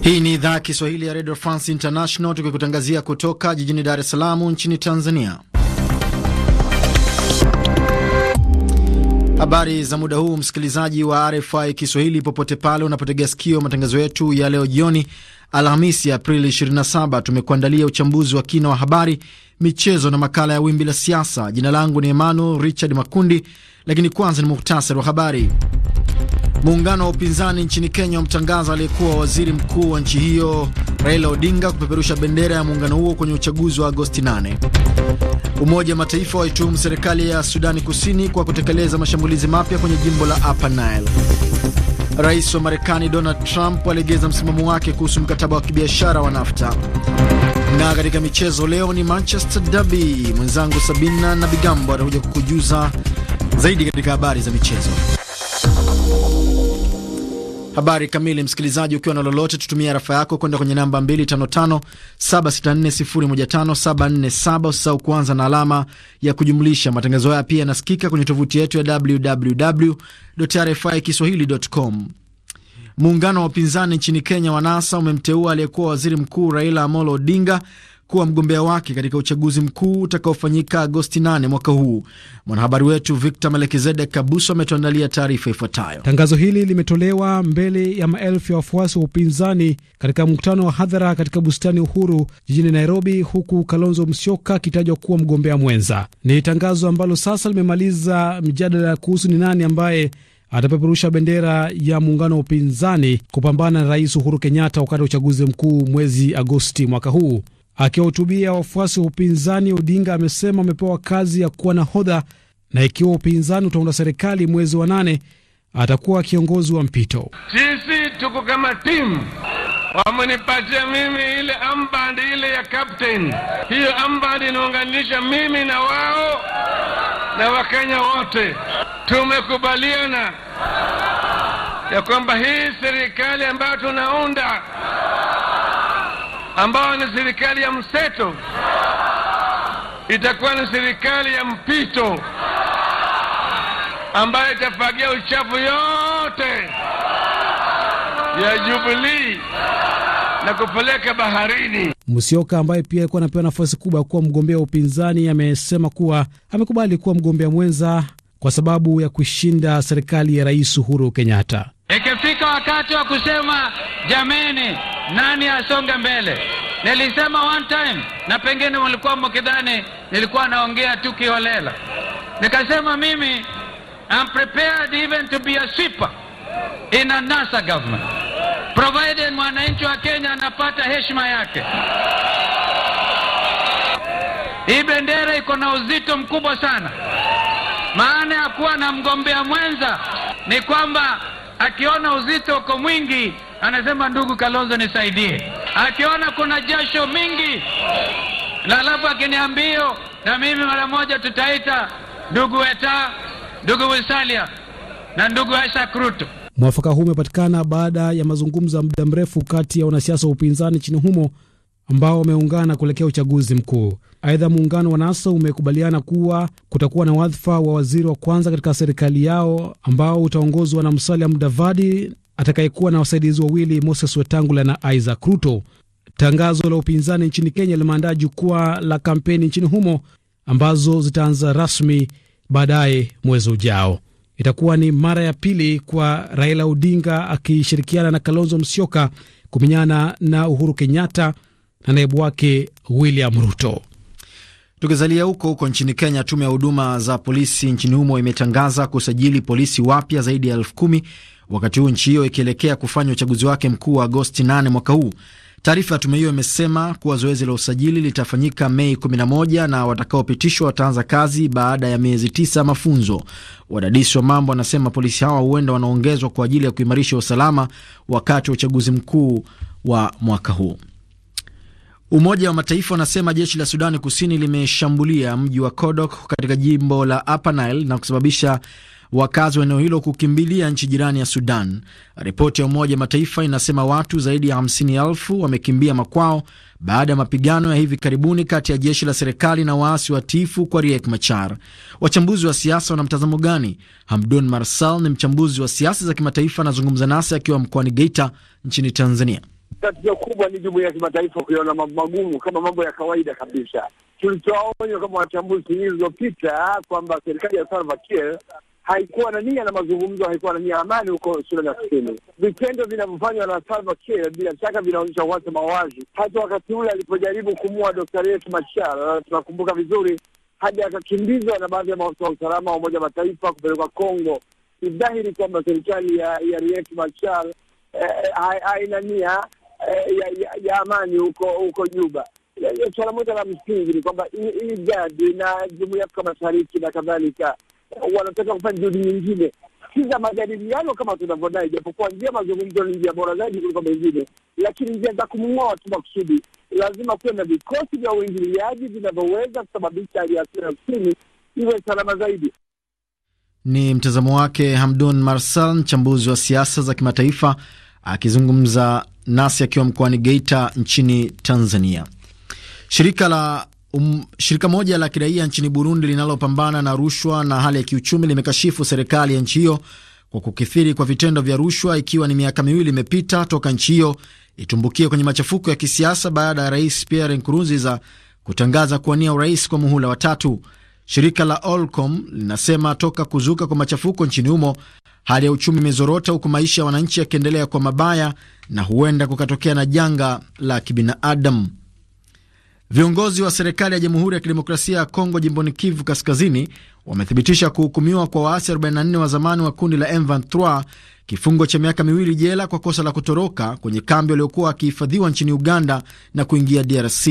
Hii ni idhaa ya Kiswahili ya Radio France International, tukikutangazia kutoka jijini Dar es Salaam nchini Tanzania. Habari za muda huu, msikilizaji wa RFI Kiswahili, popote pale unapotegea sikio matangazo yetu ya leo jioni. Alhamisi, Aprili 27, tumekuandalia uchambuzi wa kina wa habari, michezo na makala ya wimbi la siasa. Jina langu ni Emmanuel Richard Makundi, lakini kwanza ni muhtasari wa habari. Muungano wa upinzani nchini Kenya wamtangaza aliyekuwa waziri mkuu wa nchi hiyo Raila Odinga kupeperusha bendera ya muungano huo kwenye uchaguzi wa Agosti 8. Umoja wa Mataifa waituhumu serikali ya Sudani Kusini kwa kutekeleza mashambulizi mapya kwenye jimbo la Upper Nile. Rais wa Marekani Donald Trump alegeza msimamo wake kuhusu mkataba wa kibiashara wa NAFTA. Na katika michezo leo ni Manchester Derby. Mwenzangu Sabina na Bigambo atakuja kukujuza zaidi katika habari za michezo. Habari kamili, msikilizaji, ukiwa na lolote, tutumia rafa yako kwenda kwenye namba 255764015747. Usisahau kuanza na alama ya kujumlisha. Matangazo haya pia yanasikika kwenye tovuti yetu ya www.rfikiswahili.com. Muungano wa upinzani nchini Kenya wa NASA umemteua aliyekuwa waziri mkuu Raila Amolo Odinga kuwa mgombea wake katika uchaguzi mkuu utakaofanyika Agosti 8 mwaka huu. Mwanahabari wetu Victor Melekizedek Kabuso ametuandalia taarifa ifuatayo. Tangazo hili limetolewa mbele ya maelfu ya wafuasi wa upinzani katika mkutano wa hadhara katika bustani Uhuru jijini Nairobi, huku Kalonzo Musyoka akitajwa kuwa mgombea mwenza. Ni tangazo ambalo sasa limemaliza mjadala kuhusu ni nani ambaye atapeperusha bendera ya muungano wa upinzani kupambana na Rais Uhuru Kenyatta wakati wa uchaguzi mkuu mwezi Agosti mwaka huu. Akiwahutubia wafuasi wa upinzani, Odinga amesema amepewa kazi ya kuwa nahodha na ikiwa upinzani utaunda serikali mwezi wa nane atakuwa kiongozi wa mpito. Sisi tuko kama timu, wamenipatia mimi ile amband ile ya captain. Hiyo amband inaunganisha mimi na wao na Wakenya wote, tumekubaliana ya kwamba hii serikali ambayo tunaunda ambayo ni serikali ya mseto, itakuwa ni serikali ya mpito ambayo itafagia uchafu yote ya Jubilii na kupeleka baharini. musioka ambaye pia alikuwa anapewa nafasi kubwa ya kuwa mgombea wa upinzani amesema kuwa amekubali kuwa mgombea mwenza kwa sababu ya kuishinda serikali ya Rais Uhuru Kenyatta wakati wa kusema jameni, nani asonge mbele. Nilisema one time, na pengine mlikuwa mkidhani nilikuwa naongea tu kiholela. Nikasema mimi I'm prepared even to be a sweeper in a NASA government provided mwananchi wa Kenya anapata heshima yake. Hii bendera iko na uzito mkubwa sana. Maana ya kuwa na mgombea mwenza ni kwamba Akiona uzito uko mwingi, anasema ndugu Kalonzo, nisaidie. Akiona kuna jasho mingi, na alafu akiniambio na mimi mara moja tutaita ndugu Weta, ndugu Wisalia na ndugu Aisha Kruto. Mwafaka huu umepatikana baada ya mazungumzo ya muda mrefu kati ya wanasiasa wa upinzani nchini humo ambao wameungana kuelekea uchaguzi mkuu. Aidha, muungano wa NASA umekubaliana kuwa kutakuwa na wadhifa wa waziri wa kwanza katika serikali yao ambao utaongozwa na Musalia Mudavadi atakayekuwa na wasaidizi wawili, Moses Wetangula na Isaac Ruto. Tangazo la upinzani nchini Kenya limeandaa jukwaa la kampeni nchini humo ambazo zitaanza rasmi baadaye mwezi ujao. Itakuwa ni mara ya pili kwa Raila Odinga akishirikiana na Kalonzo Musyoka kumenyana na Uhuru Kenyatta na naibu wake William Ruto. Tukizalia huko huko nchini Kenya, tume ya huduma za polisi nchini humo imetangaza kusajili polisi wapya zaidi ya elfu kumi wakati huu nchi hiyo ikielekea kufanya uchaguzi wake mkuu wa Agosti 8 mwaka huu. Taarifa ya tume hiyo imesema kuwa zoezi la usajili litafanyika Mei 11 na watakaopitishwa wataanza kazi baada ya miezi tisa mafunzo. Wadadisi wa mambo wanasema polisi hawa huenda wanaongezwa kwa ajili ya kuimarisha usalama wakati wa uchaguzi mkuu wa mwaka huu. Umoja wa Mataifa unasema jeshi la Sudani Kusini limeshambulia mji wa Kodok katika jimbo la Upper Nile na kusababisha wakazi wa eneo hilo kukimbilia nchi jirani ya Sudan. Ripoti ya Umoja wa Mataifa inasema watu zaidi ya 50,000 wamekimbia makwao baada ya mapigano ya hivi karibuni kati ya jeshi la serikali na waasi wa tifu kwa Riek Machar. Wachambuzi wa siasa wana mtazamo gani? Hamdun Marsal ni mchambuzi wa siasa za kimataifa, anazungumza nasi akiwa mkoani Geita nchini Tanzania. Tatizo kubwa ni jumuiya ya kimataifa kuiona mambo magumu kama mambo ya kawaida kabisa. Tulitoa onyo kama wachambuzi ilizopita kwamba serikali ya Salva Kiir haikuwa na nia na mazungumzo, haikuwa na nia amani huko Sudani ya Kusini. Vitendo vinavyofanywa na Salva Kiir bila shaka vinaonyesha uhasama mawazi Hata wakati ule alipojaribu kumua Dr. Riek Machar, tunakumbuka vizuri, hadi akakimbizwa na baadhi ya maafisa wa usalama wa Umoja wa Mataifa kupelekwa Kongo. Ni dhahiri kwamba serikali ya, ya Riek Machar eh, eh, haina eh, nia ya, ya, ya amani huko huko Juba. Yaani Suala moja la msingi ni kwamba IGAD na Jumuiya ya Afrika Mashariki na kadhalika wanataka kufanya juhudi nyingine si za majadiliano kama tunavyodai, japokuwa njia mazungumzo ni njia bora zaidi kuliko mengine, lakini njia za kumng'oa tu makusudi. Lazima kuwe na vikosi vya uingiliaji vinavyoweza kusababisha hali ya Afrika iwe salama zaidi. Ni mtazamo wake Hamdun Marsal, mchambuzi wa siasa za kimataifa akizungumza nasi akiwa mkoani Geita nchini Tanzania. Shirika la Um, shirika moja la kiraia nchini Burundi linalopambana na rushwa na hali ya kiuchumi limekashifu serikali ya nchi hiyo kwa kukithiri kwa vitendo vya rushwa, ikiwa ni miaka miwili imepita toka nchi hiyo itumbukie kwenye machafuko ya kisiasa baada ya Rais Pierre Nkurunziza kutangaza kuwania urais kwa muhula wa tatu. Shirika la Olcom linasema toka kuzuka kwa machafuko nchini humo hali ya uchumi imezorota, huku maisha ya wananchi yakiendelea kwa mabaya na huenda kukatokea na janga la kibinadamu. Viongozi wa serikali ya Jamhuri ya Kidemokrasia ya Kongo jimboni Kivu Kaskazini wamethibitisha kuhukumiwa kwa waasi 44 wa zamani wa kundi la M23 kifungo cha miaka miwili jela kwa kosa la kutoroka kwenye kambi waliokuwa wakihifadhiwa nchini Uganda na kuingia DRC.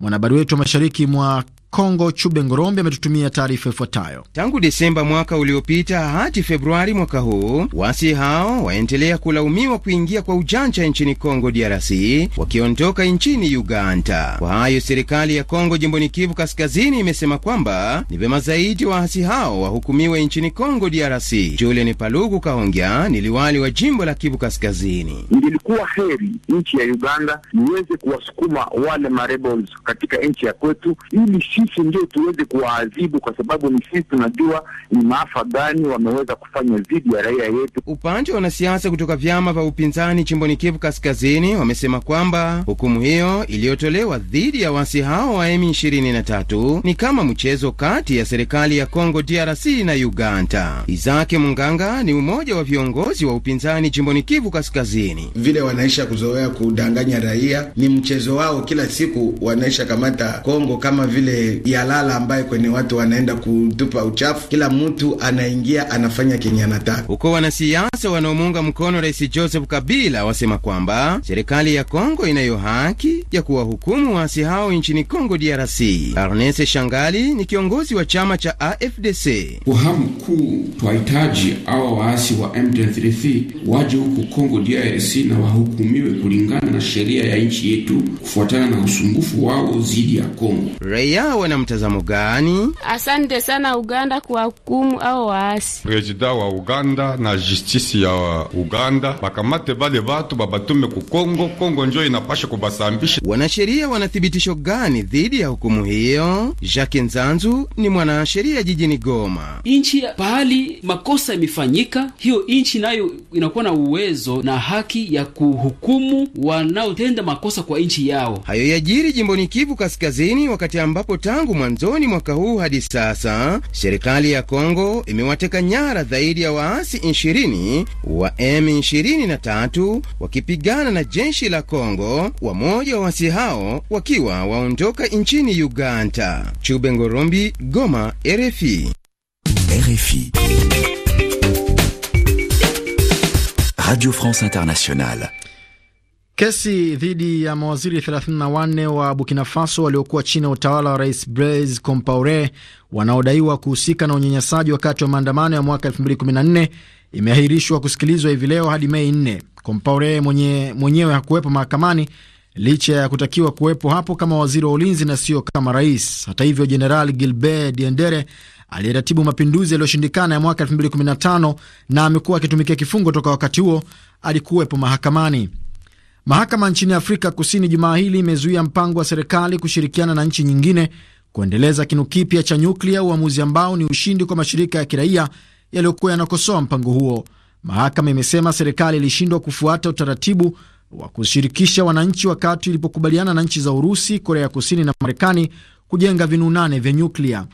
Mwanahabari wetu wa mashariki mwa Kongo Chube Ngorombe ametutumia taarifa ifuatayo. Tangu Desemba mwaka uliopita hadi Februari mwaka huu, waasi hao waendelea kulaumiwa kuingia kwa ujanja nchini Kongo DRC wakiondoka nchini Uganda. Kwa hayo serikali ya Kongo jimboni Kivu Kaskazini imesema kwamba ni vema zaidi waasi hao wahukumiwe nchini Kongo DRC. Julian Palugu Kahongya ni liwali wa jimbo la Kivu Kaskazini. Ndilikuwa heri nchi ya Uganda iweze kuwasukuma wale marebels katika nchi ya kwetu ili sisi ndio tuweze kuwaadhibu, kwa sababu ni sisi tunajua ni maafa gani wameweza kufanya dhidi ya raia yetu. Upande wa wanasiasa kutoka vyama vya upinzani chimboni Kivu Kaskazini wamesema kwamba hukumu hiyo iliyotolewa dhidi ya wasi hao wa M23 ni kama mchezo kati ya serikali ya Kongo DRC na Uganda. Izake Munganga ni mmoja wa viongozi wa upinzani chimboni Kivu Kaskazini. Vile wanaisha kuzoea kudanganya raia, ni mchezo wao, kila siku wanaisha kamata Kongo kama vile yalala ya lala kwenye watu wanaenda kutupa uchafu, kila mtu anaingia anafanya kenye anataka. Huko wanasiasa wanaomuunga mkono Rais Joseph Kabila wasema kwamba serikali ya Kongo inayo haki ya kuwahukumu waasi hao nchini Kongo DRC. Arnese Shangali ni kiongozi wa chama cha AFDC. Kuhamu kuu twahitaji awa waasi wa M23 waje huku Kongo DRC na wahukumiwe kulingana na sheria ya nchi yetu kufuatana na usumbufu wao dhidi ya Kongo. Raia wewe na mtazamo gani? Asante sana Uganda kwa hukumu au waasi. Prezida wa Uganda na justisi ya Uganda bakamate bale batu babatume ku Kongo, Kongo njo inapasha kubasambisha. Wanasheria wanathibitisho gani dhidi ya hukumu hiyo? Jacques Nzanzu ni mwanasheria jijini Goma. Inchi pahali makosa yamefanyika, hiyo inchi nayo inakuwa na uwezo na haki ya kuhukumu wanaotenda makosa kwa inchi yao. Hayo yajiri jimboni Kivu Kaskazini wakati ambapo tangu mwanzoni mwaka huu hadi sasa serikali ya Kongo imewateka nyara zaidi ya waasi 20 wa M23 wakipigana na jeshi la Kongo, wamoja wa waasi hao wakiwa waondoka nchini Uganda. Chube Ngorombi, Goma, RFI. RFI. Radio France Internationale. Kesi dhidi ya mawaziri 34 wa Burkina Faso waliokuwa chini ya utawala wa Rais Blaise Compaore wanaodaiwa kuhusika na unyanyasaji wakati wa maandamano ya mwaka 2014 imeahirishwa kusikilizwa hivi leo hadi Mei 4. Compaore mwenye, mwenyewe hakuwepo mahakamani licha ya kutakiwa kuwepo hapo kama waziri wa ulinzi na sio kama rais. Hata hivyo, jeneral Gilbert Diendere aliyeratibu mapinduzi yaliyoshindikana ya mwaka 2015 na amekuwa akitumikia kifungo toka wakati huo alikuwepo mahakamani. Mahakama nchini Afrika Kusini jumaa hili imezuia mpango wa serikali kushirikiana na nchi nyingine kuendeleza kinu kipya cha nyuklia, uamuzi ambao ni ushindi kwa mashirika ya kiraia yaliyokuwa yanakosoa mpango huo. Mahakama imesema serikali ilishindwa kufuata utaratibu wa kushirikisha wananchi wakati ilipokubaliana na nchi za Urusi, Korea Kusini na Marekani kujenga vinu nane vya nyuklia.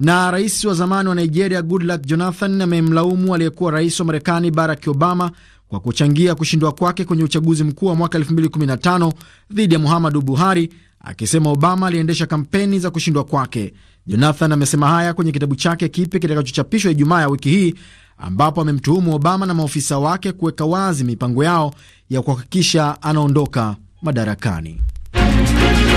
Na rais wa zamani wa Nigeria Goodluck Jonathan amemlaumu aliyekuwa rais wa Marekani Barack Obama kwa kuchangia kushindwa kwake kwenye uchaguzi mkuu wa mwaka 2015 dhidi ya Muhammadu Buhari, akisema Obama aliendesha kampeni za kushindwa kwake. Jonathan amesema haya kwenye kitabu chake kipya kitakachochapishwa Ijumaa ya wiki hii, ambapo amemtuhumu Obama na maofisa wake kuweka wazi mipango yao ya kuhakikisha anaondoka madarakani.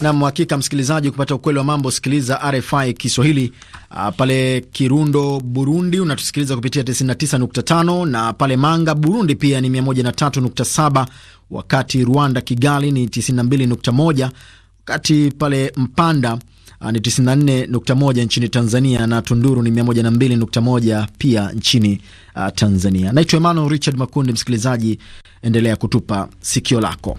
Na hakika msikilizaji, kupata ukweli wa mambo, sikiliza RFI Kiswahili ah, pale Kirundo Burundi unatusikiliza kupitia 99.5 na pale Manga Burundi pia ni 103.7, wakati Rwanda Kigali ni 92.1, wakati pale Mpanda uh, ni 94.1 nchini Tanzania na Tunduru ni 102.1 pia nchini uh, Tanzania. Naitwa Emmanuel Richard Makundi. Msikilizaji, endelea kutupa sikio lako.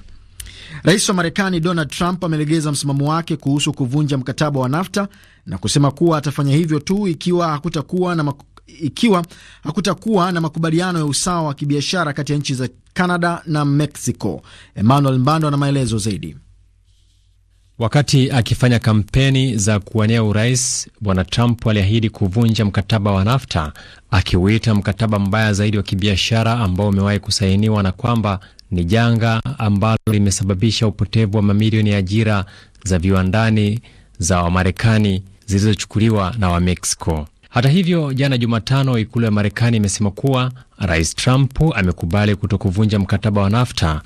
Rais wa Marekani Donald Trump amelegeza msimamo wake kuhusu kuvunja mkataba wa NAFTA na kusema kuwa atafanya hivyo tu ikiwa hakutakuwa na maku, ikiwa hakutakuwa na makubaliano ya usawa wa kibiashara kati ya nchi za Canada na Mexico. Emmanuel Mbando ana maelezo zaidi. Wakati akifanya kampeni za kuwania urais, Bwana Trump aliahidi kuvunja mkataba wa NAFTA akiuita mkataba mbaya zaidi wa kibiashara ambao umewahi kusainiwa na kwamba ni janga ambalo limesababisha upotevu wa mamilioni ya ajira za viwandani za Wamarekani zilizochukuliwa na Wamexico. Hata hivyo, jana Jumatano, ikulu ya Marekani imesema kuwa Rais Trump amekubali kutokuvunja mkataba wa NAFTA,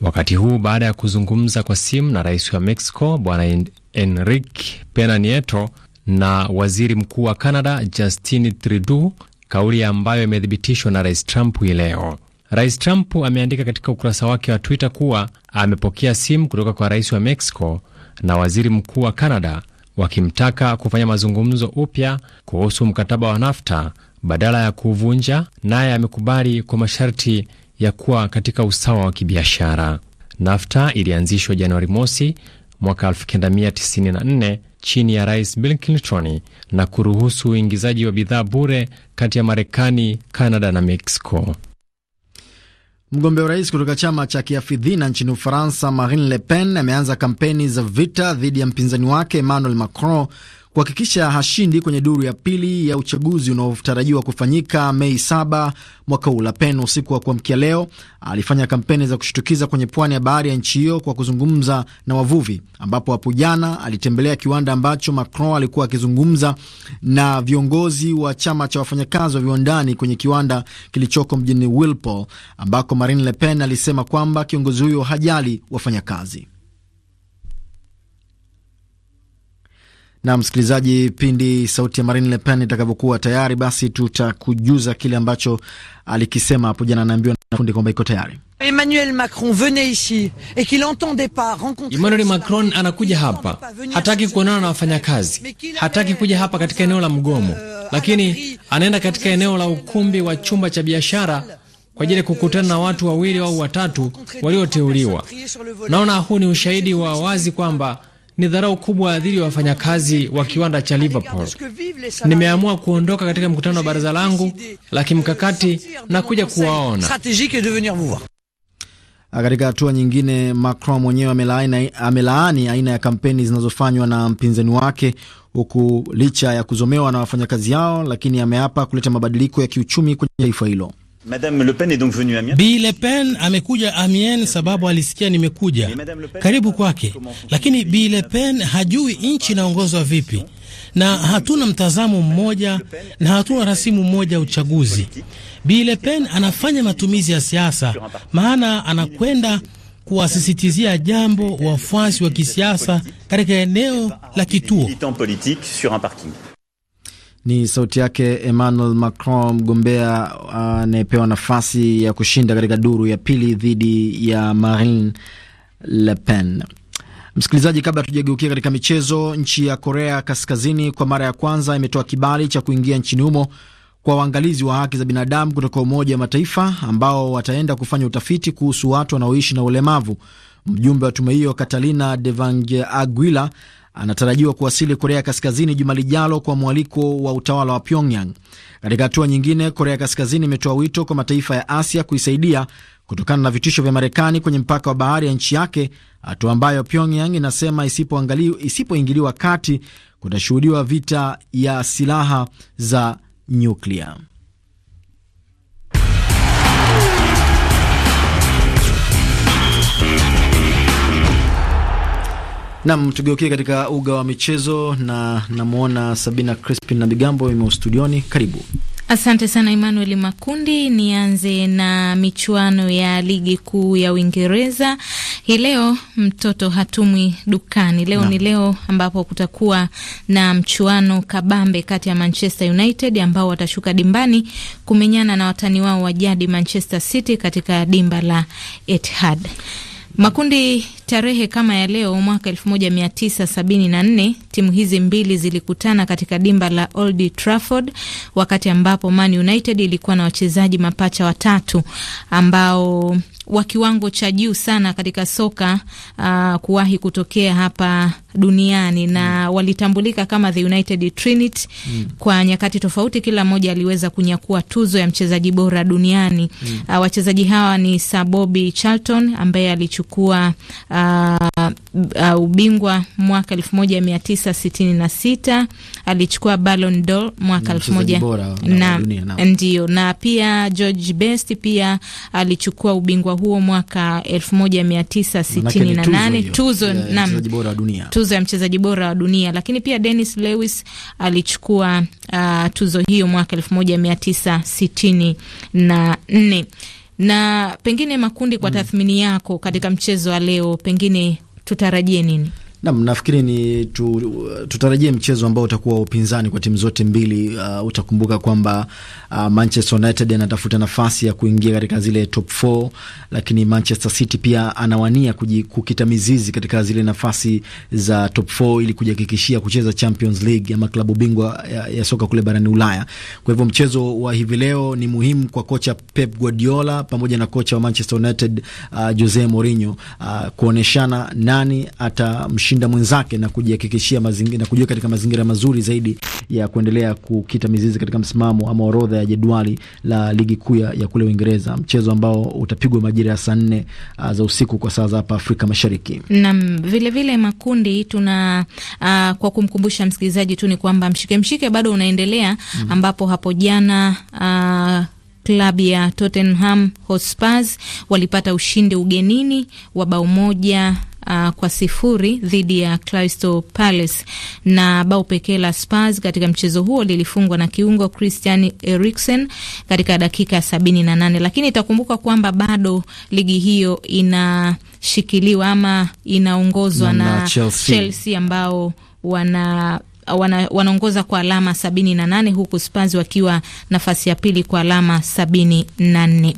wakati huu baada ya kuzungumza kwa simu na rais wa Mexico Bwana Enrique Pena Nieto na waziri mkuu wa Canada Justin Trudeau, kauli ambayo imethibitishwa na Rais Trump hii leo. Rais Trump ameandika katika ukurasa wake wa Twitter kuwa amepokea simu kutoka kwa rais wa Mexico na waziri mkuu wa Canada wakimtaka kufanya mazungumzo upya kuhusu mkataba wa NAFTA badala ya kuvunja naye amekubali kwa masharti ya kuwa katika usawa wa kibiashara. NAFTA ilianzishwa Januari mosi mwaka 1994 chini ya Rais Bill Clinton na kuruhusu uingizaji wa bidhaa bure kati ya Marekani, canada na Mexico. Mgombea urais kutoka chama cha kiafidhina nchini Ufaransa, Marine Le Pen ameanza kampeni za vita dhidi ya mpinzani wake Emmanuel Macron kuhakikisha hashindi kwenye duru ya pili ya uchaguzi unaotarajiwa kufanyika Mei saba mwaka huu. Le usiku wa kuamkia leo alifanya kampeni za kushtukiza kwenye pwani ya bahari ya nchi hiyo kwa kuzungumza na wavuvi, ambapo hapo jana alitembelea kiwanda ambacho Macron alikuwa akizungumza na viongozi wa chama cha wafanyakazi wa viwandani kwenye kiwanda kilichoko mjini Wilpol, ambako Marine Le Pen alisema kwamba kiongozi huyo hajali wafanyakazi. Na msikilizaji, pindi sauti ya Marine Le Pen itakavyokuwa tayari, basi tutakujuza kile ambacho alikisema hapo jana. Naambiwa na fundi kwamba iko tayari. Emmanuel Macron ici et qu'il entendait pas rencontrer Emmanuel Macron anakuja hapa, hataki kuonana na wafanyakazi, hataki kuja hapa katika eneo la mgomo, euh, lakini anaenda katika eneo la ukumbi wa chumba cha biashara kwa ajili ya kukutana na watu wawili au watatu walioteuliwa. Naona huu ni ushahidi wa wazi kwamba ni dharau kubwa dhidi ya wafanyakazi wa kiwanda cha Liverpool. Nimeamua kuondoka katika mkutano wa baraza langu la kimkakati na kuja kuwaona. Ah, katika hatua nyingine, Macron mwenyewe amelaani aina ya kampeni zinazofanywa na mpinzani wake, huku licha ya kuzomewa na wafanyakazi hao, lakini ameapa kuleta mabadiliko ya kiuchumi kwenye taifa hilo. Madame Le Pen est donc venue Amiens. Bi Le Pen amekuja Amiens sababu alisikia nimekuja karibu kwake, lakini Bi Le Pen hajui nchi inaongozwa vipi na hatuna mtazamo mmoja na hatuna rasimu mmoja ya uchaguzi. Bi Le Pen anafanya matumizi ya siasa, maana anakwenda kuwasisitizia jambo wafuasi wa kisiasa katika eneo la kituo. Ni sauti yake Emmanuel Macron, mgombea uh, anayepewa uh, nafasi ya kushinda katika duru ya pili dhidi ya Marine Le Pen. Msikilizaji, kabla hatujageukia katika michezo, nchi ya Korea Kaskazini kwa mara ya kwanza imetoa kibali cha kuingia nchini humo kwa waangalizi wa haki za binadamu kutoka Umoja wa Mataifa ambao wataenda kufanya utafiti kuhusu watu wanaoishi na ulemavu. Mjumbe wa tume hiyo Catalina Devangue Aguila anatarajiwa kuwasili Korea Kaskazini juma lijalo kwa mwaliko wa utawala wa Pyongyang. Katika hatua nyingine, Korea Kaskazini imetoa wito kwa mataifa ya Asia kuisaidia kutokana na vitisho vya Marekani kwenye mpaka wa bahari ya nchi yake, hatua ambayo Pyongyang inasema isipoingiliwa kati kutashuhudiwa vita ya silaha za nyuklia. Nam, tugeukie katika uga wa michezo na namwona Sabina Crispin na Bigambo imo studioni, karibu. Asante sana Emmanuel Makundi. Nianze na michuano ya ligi kuu ya Uingereza hii leo. Mtoto hatumwi dukani leo na, ni leo ambapo kutakuwa na mchuano kabambe kati ya Manchester United ambao watashuka dimbani kumenyana na watani wao wa jadi Manchester City katika dimba la Etihad. Makundi Tarehe kama ya leo mwaka 1974 timu hizi mbili zilikutana katika dimba la Old Trafford, wakati ambapo Man United ilikuwa na wachezaji mapacha watatu ambao wa kiwango cha juu sana katika soka uh, kuwahi kutokea hapa duniani na mm. walitambulika kama the United Trinity mm. kwa nyakati tofauti, kila mmoja aliweza kunyakua tuzo ya mchezaji bora duniani mm. uh, wachezaji hawa ni Sir Bobby Charlton ambaye alichukua uh, uh, uh, ubingwa mwaka sita alichukua Ballon d'Or mwaka elfu moja na ndio na pia George Best pia alichukua ubingwa huo mwaka tisa sitini na tuzo ya mchezaji bora wa dunia, lakini pia Dennis Lewis alichukua uh, tuzo hiyo mwaka 1964. Na pengine makundi, kwa mm. tathmini yako katika mchezo wa leo, pengine tutarajie nini? Nam, nafikiri ni tu, tutarajie mchezo ambao utakuwa upinzani kwa timu zote mbili. Uh, utakumbuka kwamba uh, Manchester United anatafuta nafasi ya kuingia katika zile top 4 lakini Manchester City pia anawania kukita mizizi katika zile nafasi za top 4 ili kujihakikishia kucheza Champions League ama klabu bingwa ya, ya soka kule barani Ulaya. Kwa hivyo mchezo wa hivi leo ni muhimu kwa kocha Pep Guardiola pamoja na kocha wa Manchester United uh, Jose Mourinho uh, kuoneshana nani ata kumshinda mwenzake na kujihakikishia mazingira na kujiweka katika mazingira mazuri zaidi ya kuendelea kukita mizizi katika msimamo ama orodha ya jedwali la ligi kuu ya kule Uingereza, mchezo ambao utapigwa majira ya saa nne uh, za usiku kwa saa za hapa Afrika Mashariki. Naam, vile vile makundi tuna uh, kwa kumkumbusha msikilizaji tu ni kwamba mshike mshike bado unaendelea mm, ambapo hapo jana uh, klabu ya Tottenham Hotspur walipata ushindi ugenini wa bao moja uh, kwa sifuri dhidi ya Crystal Palace, na bao pekee la Spurs katika mchezo huo lilifungwa na kiungo Christian Eriksen katika dakika sabini na nane, lakini itakumbuka kwamba bado ligi hiyo inashikiliwa ama inaongozwa na, na Chelsea. Chelsea ambao wana wana, wanaongoza kwa alama sabini na nane huku Spurs wakiwa nafasi ya pili kwa alama sabini na nne.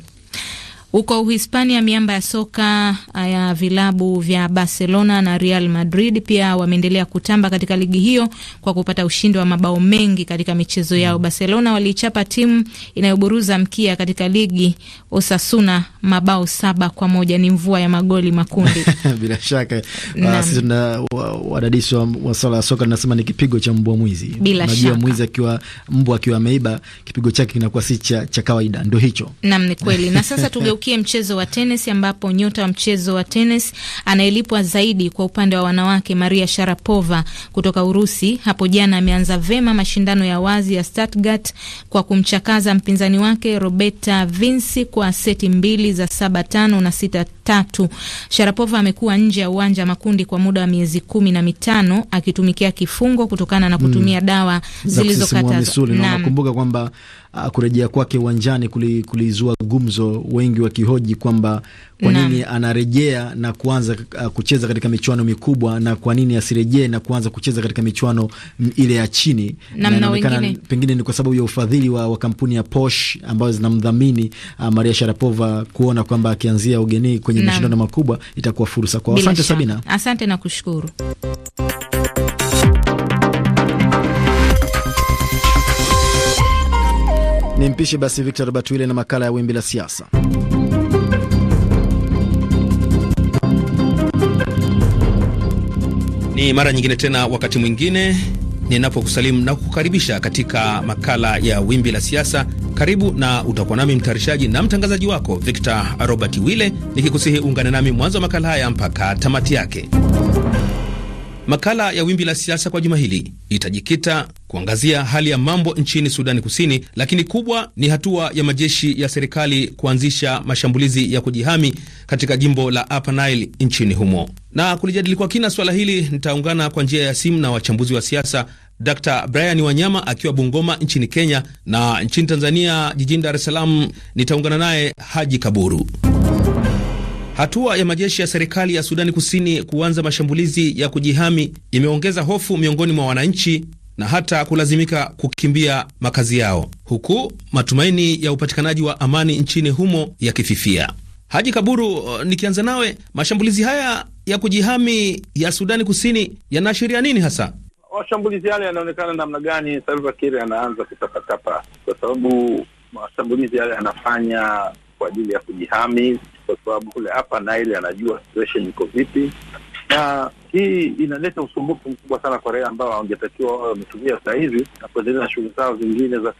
Huko Uhispania, miamba ya soka ah, ya vilabu vya Barcelona na Real Madrid pia wameendelea kutamba katika ligi hiyo kwa kupata ushindi wa mabao mengi katika michezo yao. Mm. Barcelona waliichapa timu inayoburuza mkia katika ligi Osasuna mabao saba kwa moja. Ni mvua ya magoli makundi bila shaka ah, sisi tuna wadadisi wa wa swala ya soka tunasema ni kipigo cha mbwa mwizi. Bila shaka mwizi akiwa mbwa akiwa ameiba kipigo chake kinakuwa si cha, cha kawaida. ndo hicho nam, ni kweli na sasa tuge tugeukie mchezo wa tenis ambapo nyota wa mchezo wa tenis anayelipwa zaidi kwa upande wa wanawake Maria Sharapova kutoka Urusi hapo jana ameanza vema mashindano ya wazi ya Stuttgart kwa kumchakaza mpinzani wake Roberta Vinci kwa seti mbili za saba tano na sita tatu. Sharapova amekuwa nje ya uwanja makundi kwa muda wa miezi kumi na mitano akitumikia kifungo kutokana na kutumia mm. dawa zilizokatazwa. Nakumbuka kwamba Ah, kurejea kwake uwanjani kulizua gumzo, wengi wakihoji kwamba kwa nini anarejea na kuanza ah, kucheza katika michuano mikubwa na kwa nini asirejee na kuanza kucheza katika michuano ile ya chini. Inaonekana pengine ni kwa sababu ya ufadhili wa, wa kampuni ya Posh ambayo zinamdhamini ah, Maria Sharapova, kuona kwamba akianzia ugenii kwenye mashindano makubwa itakuwa fursa kwao. Asante Sabina, asante na kushukuru. Ni mpishe basi Victor Robert Wile na makala ya wimbi la siasa. Ni mara nyingine tena, wakati mwingine ninapokusalimu na kukukaribisha katika makala ya wimbi la siasa. Karibu na utakuwa nami mtayarishaji na mtangazaji wako Victor Robert wille nikikusihi ungane nami mwanzo wa makala haya mpaka tamati yake. Makala ya Wimbi la Siasa kwa juma hili itajikita kuangazia hali ya mambo nchini Sudani Kusini, lakini kubwa ni hatua ya majeshi ya serikali kuanzisha mashambulizi ya kujihami katika jimbo la Upper Nile nchini humo. Na kulijadili kwa kina swala hili, nitaungana kwa njia ya simu na wachambuzi wa siasa Dr Brian Wanyama akiwa Bungoma nchini Kenya, na nchini Tanzania jijini Dar es Salaam nitaungana naye Haji Kaburu. Hatua ya majeshi ya serikali ya Sudani Kusini kuanza mashambulizi ya kujihami imeongeza hofu miongoni mwa wananchi na hata kulazimika kukimbia makazi yao, huku matumaini ya upatikanaji wa amani nchini humo yakififia. Haji Kaburu, uh, nikianza nawe, mashambulizi haya ya kujihami ya Sudani Kusini yanaashiria nini hasa? Mashambulizi yale yanaonekana namna gani Salva Kiir anaanza kutapatapa, kwa sababu mashambulizi yale yanafanya kwa ajili ya kujihami kwa sababu kule hapa Nile anajua situation iko vipi, na hii inaleta usumbufu mkubwa sana kwa raia ambao wangetakiwa wao wametumia saa hizi na kuendelea na shughuli zao zingine za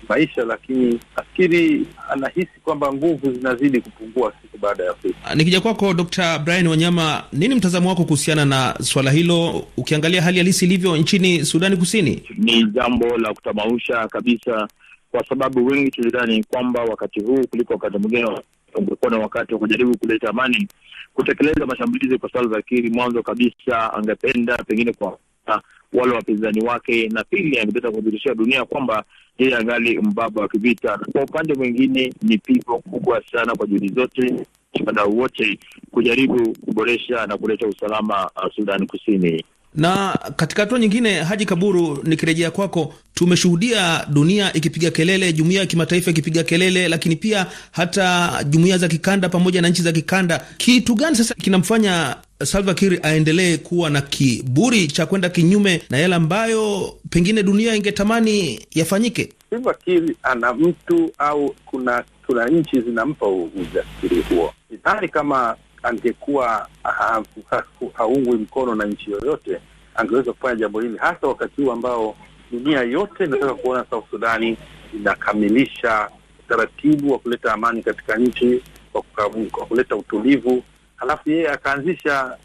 kimaisha, lakini nafikiri anahisi kwamba nguvu zinazidi kupungua siku baada ya siku. Ah, nikija kwako Dr. Brian Wanyama, nini mtazamo wako kuhusiana na swala hilo, ukiangalia hali halisi ilivyo nchini Sudani Kusini? Ni jambo la kutamausha kabisa, kwa sababu wengi tulidhani kwamba wakati huu kuliko wakati mwingine ungekuwa na wakati wa kujaribu kuleta amani, kutekeleza mashambulizi kwa za kiri mwanzo kabisa angependa pengine kwa wale wapinzani wake, na pili angependa kudhihirishia dunia kwamba yeye angali mbaba wa kivita. Kwa upande mwingine, ni pigo kubwa sana kwa juhudi zote wadau wote kujaribu kuboresha na kuleta usalama uh, Sudani Kusini. Na katika hatua nyingine, Haji Kaburu, nikirejea kwako, tumeshuhudia dunia ikipiga kelele, jumuiya ya kimataifa ikipiga kelele, lakini pia hata jumuiya za kikanda pamoja na nchi za kikanda. Kitu gani sasa kinamfanya Salva Kiir aendelee kuwa na kiburi cha kwenda kinyume na yale ambayo pengine dunia ingetamani yafanyike? Salva Kiir ana mtu au kuna kuna nchi zinampa ujasiri huo, sidhani kama angekuwa haungwi mkono na nchi yoyote, angeweza kufanya jambo hili, hasa wakati huu ambao dunia yote inataka kuona South Sudani inakamilisha utaratibu wa kuleta amani katika nchi kwa kuleta utulivu, halafu yeye akaanzisha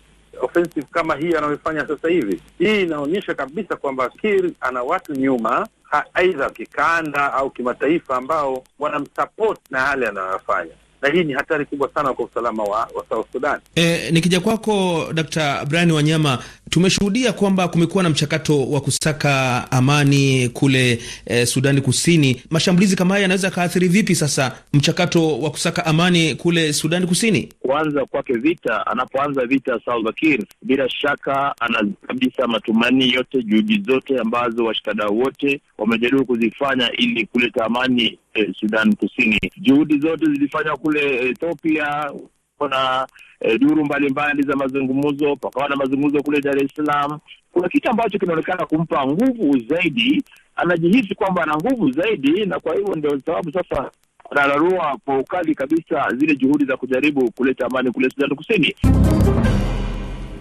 offensive kama hii anayoifanya sasa hivi. Hii inaonyesha kabisa kwamba Kiir ana watu nyuma, aidha kikanda au kimataifa, ambao wanamsupport na yale anayoyafanya na hii ni hatari kubwa sana kwa usalama wa, wa South Sudan. E, nikija kwako Dkt. Brian Wanyama, Tumeshuhudia kwamba kumekuwa na mchakato wa kusaka amani kule e, Sudani Kusini. Mashambulizi kama haya yanaweza yakaathiri vipi sasa mchakato wa kusaka amani kule Sudani Kusini? Kuanza kwake vita, anapoanza vita Salva Kiir, bila shaka ana kabisa matumaini yote, juhudi zote ambazo washikadau wote wamejaribu kuzifanya ili kuleta amani e, Sudani Kusini. Juhudi zote zilifanywa kule Ethiopia, kuna e, duru mbalimbali za mazungumzo, pakawa na mazungumzo kule Dar es Salaam. Kuna kitu ambacho kinaonekana kumpa nguvu zaidi, anajihisi kwamba ana nguvu zaidi, na kwa hivyo ndio sababu sasa analarua kwa ukali kabisa zile juhudi za kujaribu kuleta amani kule Sudani Kusini.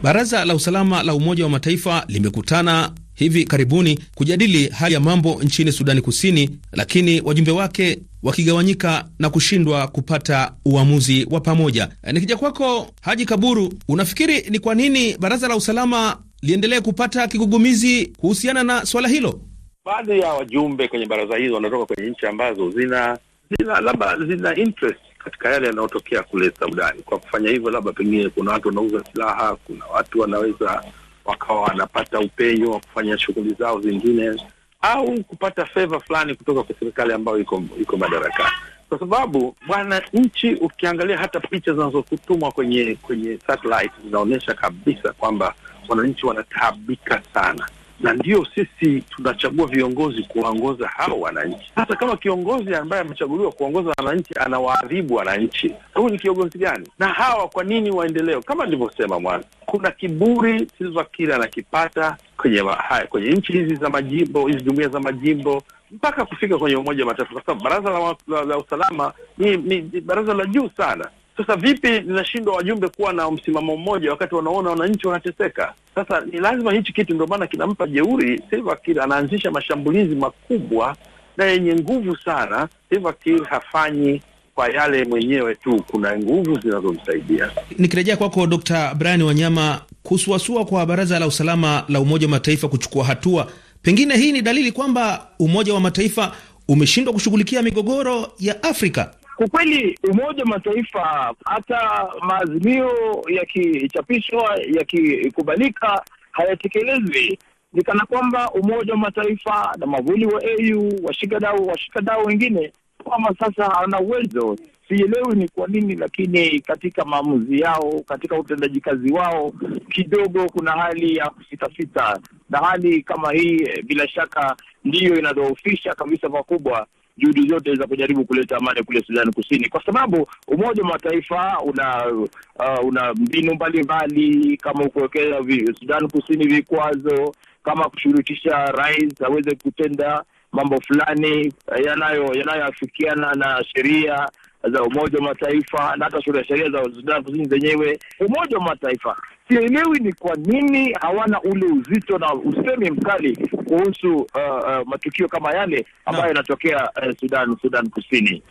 Baraza la Usalama la Umoja wa Mataifa limekutana hivi karibuni kujadili hali ya mambo nchini Sudani Kusini, lakini wajumbe wake wakigawanyika na kushindwa kupata uamuzi wa pamoja. Nikija kwako Haji Kaburu, unafikiri ni kwa nini baraza la usalama liendelee kupata kigugumizi kuhusiana na swala hilo? Baadhi ya wajumbe kwenye baraza hizo wanatoka kwenye nchi ambazo zina zina labda zina interest katika yale yanayotokea kule Sudani. Kwa kufanya hivyo, labda pengine kuna watu wanauza silaha, kuna watu wanaweza wakawa wanapata upenyo wa kufanya shughuli zao zingine au kupata fedha fulani kutoka kwa serikali ambayo iko iko madarakani, kwa sababu bwana nchi, ukiangalia hata picha zinazotumwa kwenye kwenye satellite zinaonyesha kabisa kwamba wananchi wanataabika sana na ndio sisi tunachagua viongozi kuwaongoza hao wananchi. Sasa kama kiongozi ambaye amechaguliwa kuongoza wananchi anawaadhibu wananchi, huyu ni kiongozi gani? Na hawa kwa nini waendeleo Kama nilivyosema mwanzo, kuna kiburi Silvakira anakipata kwenye haya, kwenye nchi hizi za majimbo, hizi jumuia za majimbo mpaka kufika kwenye Umoja wa Mataifa, kwa sababu baraza la, la, la usalama ni, ni baraza la juu sana sasa vipi linashindwa wajumbe kuwa na msimamo mmoja wakati wanaona wananchi wanateseka? Sasa ni lazima hichi kitu, ndio maana kinampa jeuri Salva Kiir, anaanzisha mashambulizi makubwa na yenye nguvu sana. Salva Kiir hafanyi kwa yale mwenyewe tu, kuna nguvu zinazomsaidia. Nikirejea kwako kwa Dr. Brian Wanyama, kusuasua kwa Baraza la Usalama la Umoja wa Mataifa kuchukua hatua, pengine hii ni dalili kwamba Umoja wa Mataifa umeshindwa kushughulikia migogoro ya Afrika. Kwa kweli Umoja wa Mataifa, hata maazimio yakichapishwa yakikubalika, hayatekelezwi. Ni kana kwamba Umoja wa Mataifa na mavuli wa AU, washikadau washikadau wengine kama sasa hawana uwezo. Sielewi ni kwa nini, lakini katika maamuzi yao, katika utendaji kazi wao, kidogo kuna hali ya kusitasita, na hali kama hii eh, bila shaka ndiyo inadhoofisha kabisa pakubwa juhudi zote za kujaribu kuleta amani kule Sudani Kusini, kwa sababu Umoja wa Mataifa una uh, una mbinu mbalimbali kama kuwekea Sudani Kusini vikwazo, kama kushurutisha rais aweze kutenda mambo fulani uh, yanayoafikiana yanayo na sheria za Umoja wa Mataifa na hata shule ya sheria za Sudan Kusini zenyewe Umoja wa Mataifa. Sielewi ni kwa nini hawana ule uzito na usemi mkali kuhusu uh, uh, matukio kama yale ambayo yanatokea uh, Sudan Sudan Kusini.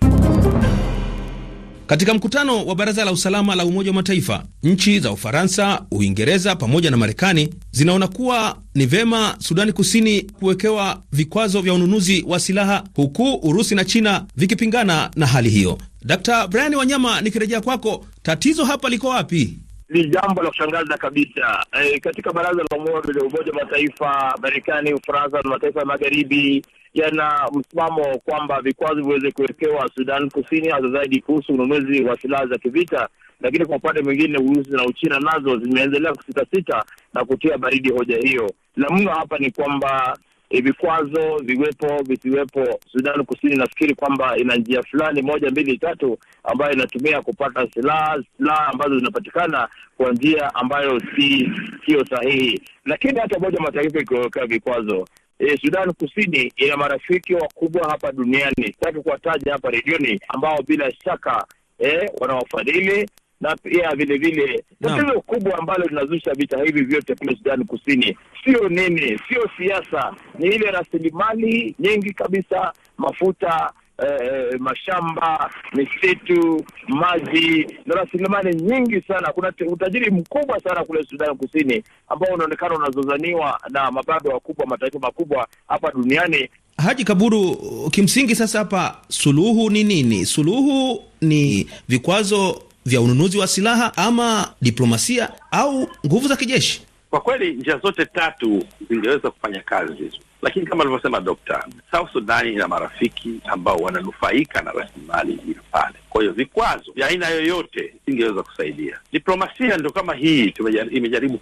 Katika mkutano wa Baraza la Usalama la Umoja wa Mataifa, nchi za Ufaransa, Uingereza pamoja na Marekani zinaona kuwa ni vema Sudani Kusini kuwekewa vikwazo vya ununuzi wa silaha, huku Urusi na China vikipingana na hali hiyo. Dkt. Brian Wanyama, nikirejea kwako, tatizo hapa liko wapi? Ni jambo la kushangaza kabisa e, katika baraza la umoja la Umoja wa Mataifa, Marekani, Ufaransa na mataifa ya magharibi yana msimamo kwamba vikwazo viweze kuwekewa Sudan Kusini, hasa zaidi kuhusu ununuzi wa silaha za kivita. Lakini kwa upande mwingine, Urusi na Uchina nazo zimeendelea kusitasita na kutia baridi hoja hiyo. La mno hapa ni kwamba eh, vikwazo viwepo visiwepo, Sudan Kusini nafikiri kwamba ina njia fulani moja mbili tatu ambayo inatumia kupata silaha silaha ambazo zinapatikana kwa njia ambayo si siyo sahihi. Lakini hata moja Mataifa ikiwekea vikwazo e, Sudan Kusini ina marafiki wakubwa hapa duniani, sitaki kuwataja hapa redioni, ambao bila shaka eh, wanawafadhili na pia vile vile tatizo kubwa ambalo linazusha vita hivi vyote kule Sudani Kusini sio nini, sio siasa, ni ile rasilimali nyingi kabisa, mafuta Eh, eh, mashamba, misitu, maji na rasilimali nyingi sana. Kuna utajiri mkubwa sana kule Sudani Kusini ambao unaonekana unazozaniwa na mababe wakubwa, mataifa makubwa hapa duniani. Haji Kaburu, kimsingi sasa hapa suluhu ni nini? Suluhu ni vikwazo vya ununuzi wa silaha ama diplomasia au nguvu za kijeshi? Kwa kweli njia zote tatu zingeweza kufanya kazi, lakini kama alivyosema dokta, South sudani ina marafiki ambao wananufaika na rasilimali hiyo pale. Kwa hiyo vikwazo vya aina yoyote vingeweza kusaidia. Diplomasia ndio kama hii imejaribu,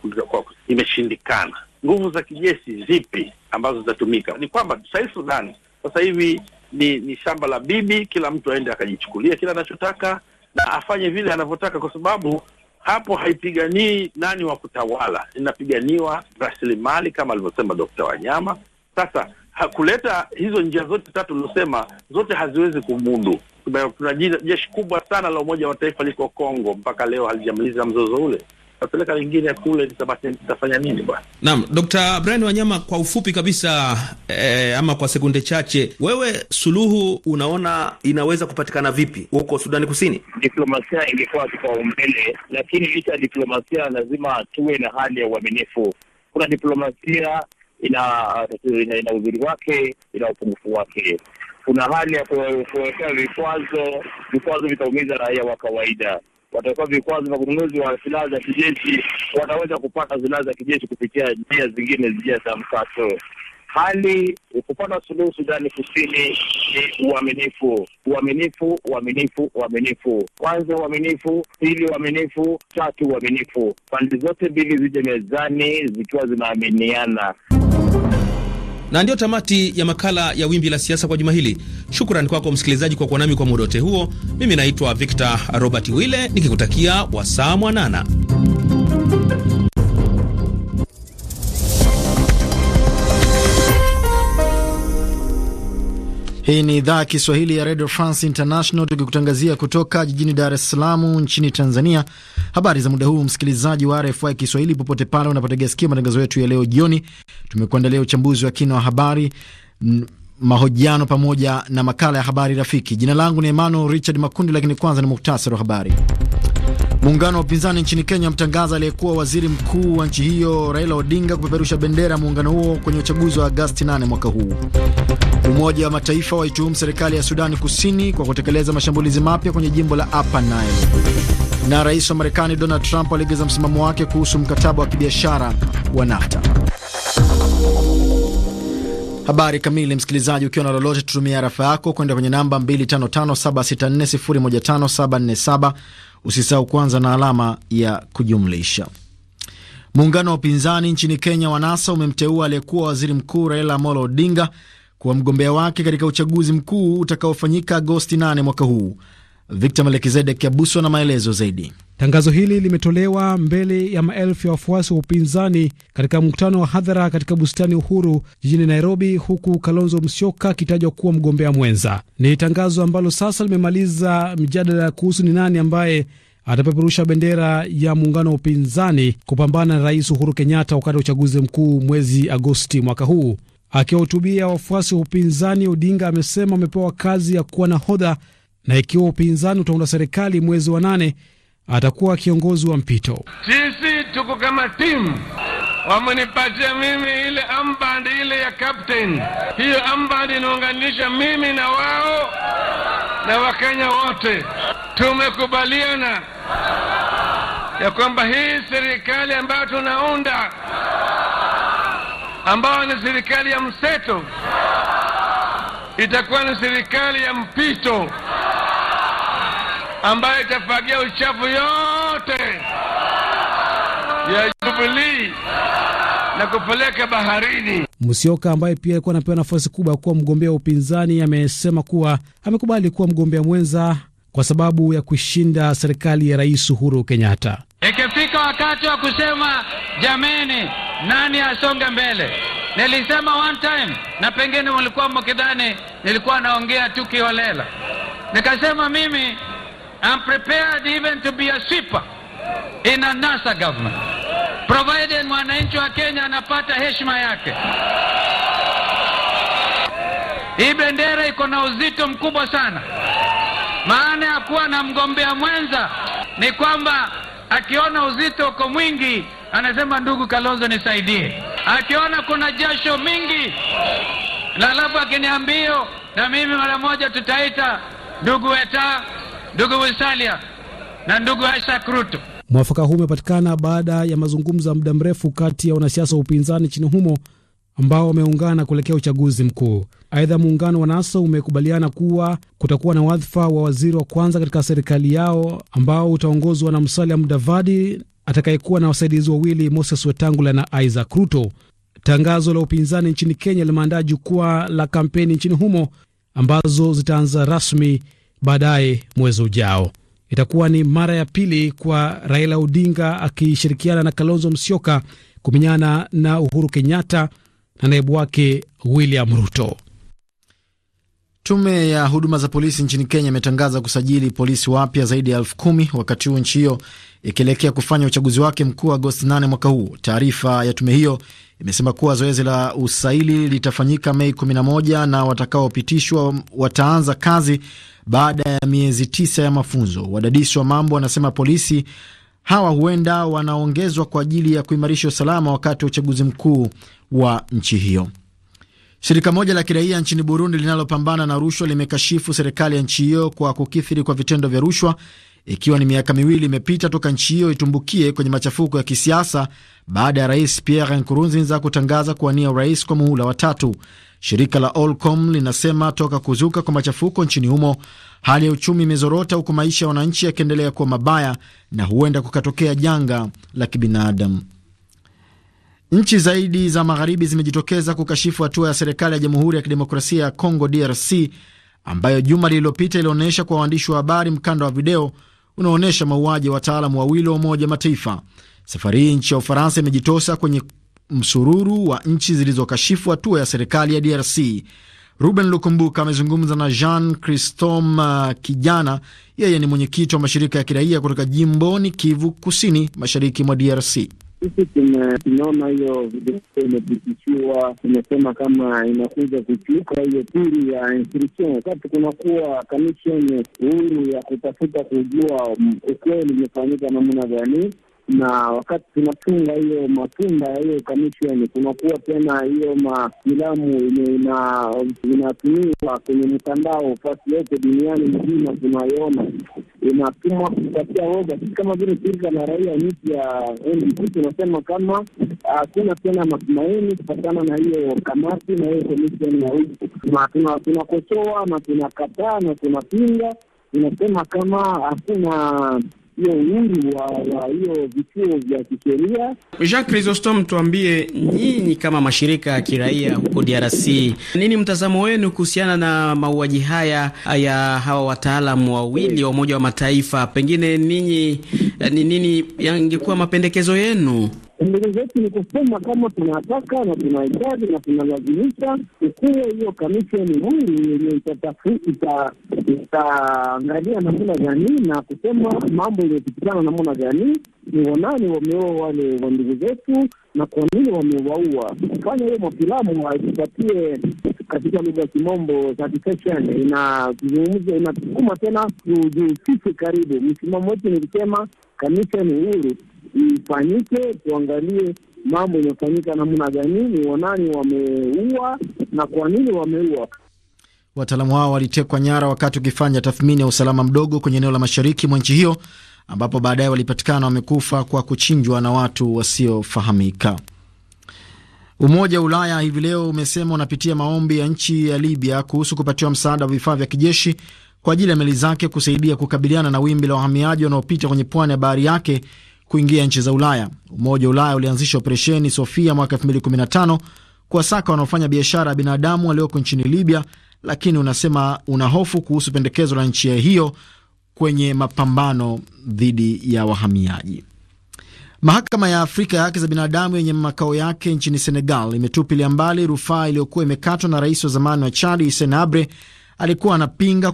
imeshindikana. Nguvu za kijeshi zipi ambazo zitatumika? Ni kwamba sahii sudani sasa hivi ni, ni shamba la bibi, kila mtu aende akajichukulia kila anachotaka na afanye vile anavyotaka, kwa sababu hapo haipiganii nani wa kutawala, inapiganiwa rasilimali kama alivyosema Dokta Wanyama. Sasa kuleta hizo njia zote tatu uliosema, zote haziwezi kumudu. Tuna jeshi kubwa sana la Umoja wa Mataifa liko Kongo, mpaka leo halijamaliza mzozo ule tutapeleka lingine kule, nitafanya nini bwana? Naam, Dr. Brian Wanyama, kwa ufupi kabisa eh, ama kwa sekunde chache, wewe suluhu unaona inaweza kupatikana vipi huko Sudani Kusini? Diplomasia ingekuwa kipaumbele, lakini licha ya diplomasia lazima tuwe na hali ya uaminifu. Kuna diplomasia ina ina, ina uzuri wake, ina upungufu wake. Kuna hali ya kuwekea vikwazo, vikwazo vitaumiza raia wa kawaida watakuwa vikwazo vya ununuzi wa silaha za kijeshi, wataweza kupata silaha za kijeshi kupitia njia zingine zijia za mkato. Hali kupata suluhu Sudani Kusini ni uaminifu, uaminifu, uaminifu, uaminifu. Kwanza uaminifu, pili uaminifu, tatu uaminifu. Pande zote mbili zije mezani zikiwa zinaaminiana. Na ndiyo tamati ya makala ya Wimbi la Siasa kwa juma hili. Shukrani kwako kwa msikilizaji kwa kuwa nami kwa muda wote huo. Mimi naitwa Victor Robert Wille nikikutakia wasaa mwanana. Hii ni idhaa ya Kiswahili ya Radio France International tukikutangazia kutoka jijini Dar es Salaam nchini Tanzania. Habari za muda huu, msikilizaji wa RFI Kiswahili, popote pale unapotega sikio matangazo yetu ya leo jioni. Tumekuandalia uchambuzi wa kina wa habari, mahojiano pamoja na makala ya habari rafiki. Jina langu ni Emmanuel Richard Makundi, lakini kwanza ni muhtasari wa habari. Muungano wa upinzani nchini Kenya mtangaza aliyekuwa waziri mkuu wa nchi hiyo Raila Odinga kupeperusha bendera ya muungano huo kwenye uchaguzi wa Agasti 8 mwaka huu. Umoja wa Mataifa waituhumu serikali ya Sudani Kusini kwa kutekeleza mashambulizi mapya kwenye jimbo la Upper Nile. Na rais wa Marekani Donald Trump alegeza msimamo wake kuhusu mkataba wa kibiashara wa NAFTA. Habari kamili, msikilizaji, ukiwa na lolote, tutumia arafa yako kwenda kwenye namba 255764015747. Usisahau kwanza na alama ya kujumlisha. Muungano wa upinzani nchini Kenya wa NASA umemteua aliyekuwa waziri mkuu Raila Amolo Odinga kuwa mgombea wake katika uchaguzi mkuu utakaofanyika Agosti 8 mwaka huu. Victor Melekizedek Abuswa na maelezo zaidi. Tangazo hili limetolewa mbele ya maelfu ya wafuasi wa upinzani katika mkutano wa hadhara katika bustani Uhuru jijini Nairobi, huku Kalonzo Musyoka akitajwa kuwa mgombea mwenza. Ni tangazo ambalo sasa limemaliza mjadala kuhusu ni nani ambaye atapeperusha bendera ya muungano wa upinzani kupambana na Rais Uhuru Kenyatta wakati wa uchaguzi mkuu mwezi Agosti mwaka huu. Akiwahutubia wafuasi wa upinzani, Odinga amesema amepewa kazi ya kuwa nahodha na ikiwa upinzani utaunda serikali mwezi wa nane atakuwa kiongozi wa mpito. Sisi tuko kama timu, wamenipatia mimi ile amband ile ya captain. Hiyo amband inaunganisha mimi na wao na Wakenya wote, tumekubaliana ya kwamba hii serikali ambayo tunaunda ambayo ni serikali ya mseto itakuwa ni serikali ya mpito ambayo itafagia uchafu yote ya Jubilii na kupeleka baharini. Musioka ambaye pia alikuwa anapewa nafasi kubwa ya kuwa mgombea wa upinzani amesema kuwa amekubali kuwa mgombea mwenza kwa sababu ya kuishinda serikali ya Rais Uhuru Kenyatta wakati wa kusema jameni, nani asonge mbele. Nilisema one time, na pengine mlikuwa mkidhani nilikuwa naongea tu kiholela. Nikasema mimi I'm prepared even to be a sweeper in a NASA government provided mwananchi wa Kenya anapata heshima yake. Hii bendera iko na uzito mkubwa sana. Maana ya kuwa na mgombea mwenza ni kwamba Akiona uzito uko mwingi, anasema ndugu Kalonzo nisaidie. Akiona kuna jasho mingi, na alafu akiniambio na mimi mara moja tutaita ndugu Weta, ndugu Wisalia na ndugu Asha Kruto. Mwafaka huu umepatikana baada ya mazungumzo ya muda mrefu kati ya wanasiasa wa upinzani nchini humo ambao wameungana kuelekea uchaguzi mkuu. Aidha, muungano wa NASA umekubaliana kuwa kutakuwa na wadhifa wa waziri wa kwanza katika serikali yao ambao utaongozwa na Musalia Mudavadi atakayekuwa na wasaidizi wawili, Moses Wetangula na Isaac Ruto. Tangazo la upinzani nchini Kenya limeandaa jukwaa la kampeni nchini humo ambazo zitaanza rasmi baadaye mwezi ujao. Itakuwa ni mara ya pili kwa Raila Odinga akishirikiana na Kalonzo Musyoka kumenyana na Uhuru Kenyatta na naibu wake William Ruto. Tume ya huduma za polisi nchini Kenya imetangaza kusajili polisi wapya zaidi ya elfu kumi wakati huu nchi hiyo ikielekea kufanya uchaguzi wake mkuu Agosti 8 mwaka huu. Taarifa ya tume hiyo imesema kuwa zoezi la usaili litafanyika Mei 11 na watakaopitishwa wataanza kazi baada ya miezi tisa ya mafunzo. Wadadisi wa mambo wanasema polisi hawa huenda wanaongezwa kwa ajili ya kuimarisha usalama wakati wa uchaguzi mkuu wa nchi hiyo. Shirika moja la kiraia nchini Burundi linalopambana na rushwa limekashifu serikali ya nchi hiyo kwa kukithiri kwa vitendo vya rushwa, ikiwa ni miaka miwili imepita toka nchi hiyo itumbukie kwenye machafuko ya kisiasa baada ya rais Pierre Nkurunziza kutangaza kuwania urais kwa muhula wa tatu. Shirika la Olcom linasema toka kuzuka kwa machafuko nchini humo Hali ya uchumi imezorota huku maisha ya wananchi yakiendelea kuwa mabaya na huenda kukatokea janga la kibinadamu. Nchi zaidi za magharibi zimejitokeza kukashifu hatua ya serikali ya Jamhuri ya Kidemokrasia ya Kongo, DRC, ambayo juma lililopita ilionyesha kwa waandishi wa habari mkanda wa video unaonyesha mauaji ya wataalamu wawili wa Umoja Mataifa. Safari hii nchi ya Ufaransa imejitosa kwenye msururu wa nchi zilizokashifu hatua ya serikali ya DRC. Ruben Lukumbuka amezungumza na Jean Christoma uh, Kijana, yeye ni mwenyekiti wa mashirika ya kiraia kutoka jimboni Kivu Kusini, mashariki mwa DRC. Sisi tumeona hiyo video imepitishiwa, tumesema kama inakuja kuchuka hiyo pili ya instruction, wakati kunakuwa kamisheni huru ya kutafuta kujua ukweli imefanyika namna gani na wakati tunatunga hiyo matunda ya hiyo kamisheni, kunakuwa tena hiyo mafilamu inatumiwa kwenye mtandao fasi yote duniani mzima, tunaiona inatuma kupatia woga. Si kama vile shirika la raia nchi ya NDC tunasema kama ah, hakuna tena matumaini kupatana na hiyo kamati na hiyo kamisheni ya huku, tunakosoa na tunakataa na tunapinga, tunasema kama hakuna hiyo uhuru wa hiyo vituo vya kisheria. jean Chrysostom, tuambie nyinyi kama mashirika ya kiraia huko DRC, nini mtazamo wenu kuhusiana na mauaji haya ya hawa wataalamu wawili wa Umoja wa Mataifa? Pengine ninyi ni nini yangekuwa mapendekezo yenu? mbele zetu ni kusema kama tunataka na tunahitaji na tunalazimisha ukuwe hiyo kamisheni huru yenye itaangalia namuna gani na kusema mambo iliyopitikana namuna gani, ni wanani wameoa wale wa ndugu zetu na kwa nini wamewaua. kufanya hiyo mafilamu haitupatie katika lugha ya Kimombo satisfaction, inazungumza inatukuma tena tujihusishe karibu. Msimamo wetu nilisema kamisheni huru ifanyike, tuangalie mambo imefanyika namna gani, ni wanani wameua na kwa nini wameua. Wataalamu hao walitekwa nyara wakati wakifanya tathmini ya usalama mdogo kwenye eneo la mashariki mwa nchi hiyo, ambapo baadaye walipatikana wamekufa kwa kuchinjwa na watu wasiofahamika. Umoja wa Ulaya hivi leo umesema unapitia maombi ya nchi ya Libya kuhusu kupatiwa msaada wa vifaa vya kijeshi kwa ajili ya meli zake kusaidia kukabiliana na wimbi la wahamiaji wanaopita kwenye pwani ya bahari yake kuingia nchi za Ulaya. Umoja wa Ulaya ulianzisha operesheni Sofia mwaka 2015 kuwasaka wanaofanya biashara ya binadamu walioko nchini Libya, lakini unasema una hofu kuhusu pendekezo la nchi hiyo kwenye mapambano dhidi ya wahamiaji. Mahakama ya Afrika ya haki za binadamu yenye makao yake nchini Senegal imetupilia mbali rufaa iliyokuwa imekatwa na rais wa zamani wa Chad Hissene Habre alikuwa anapinga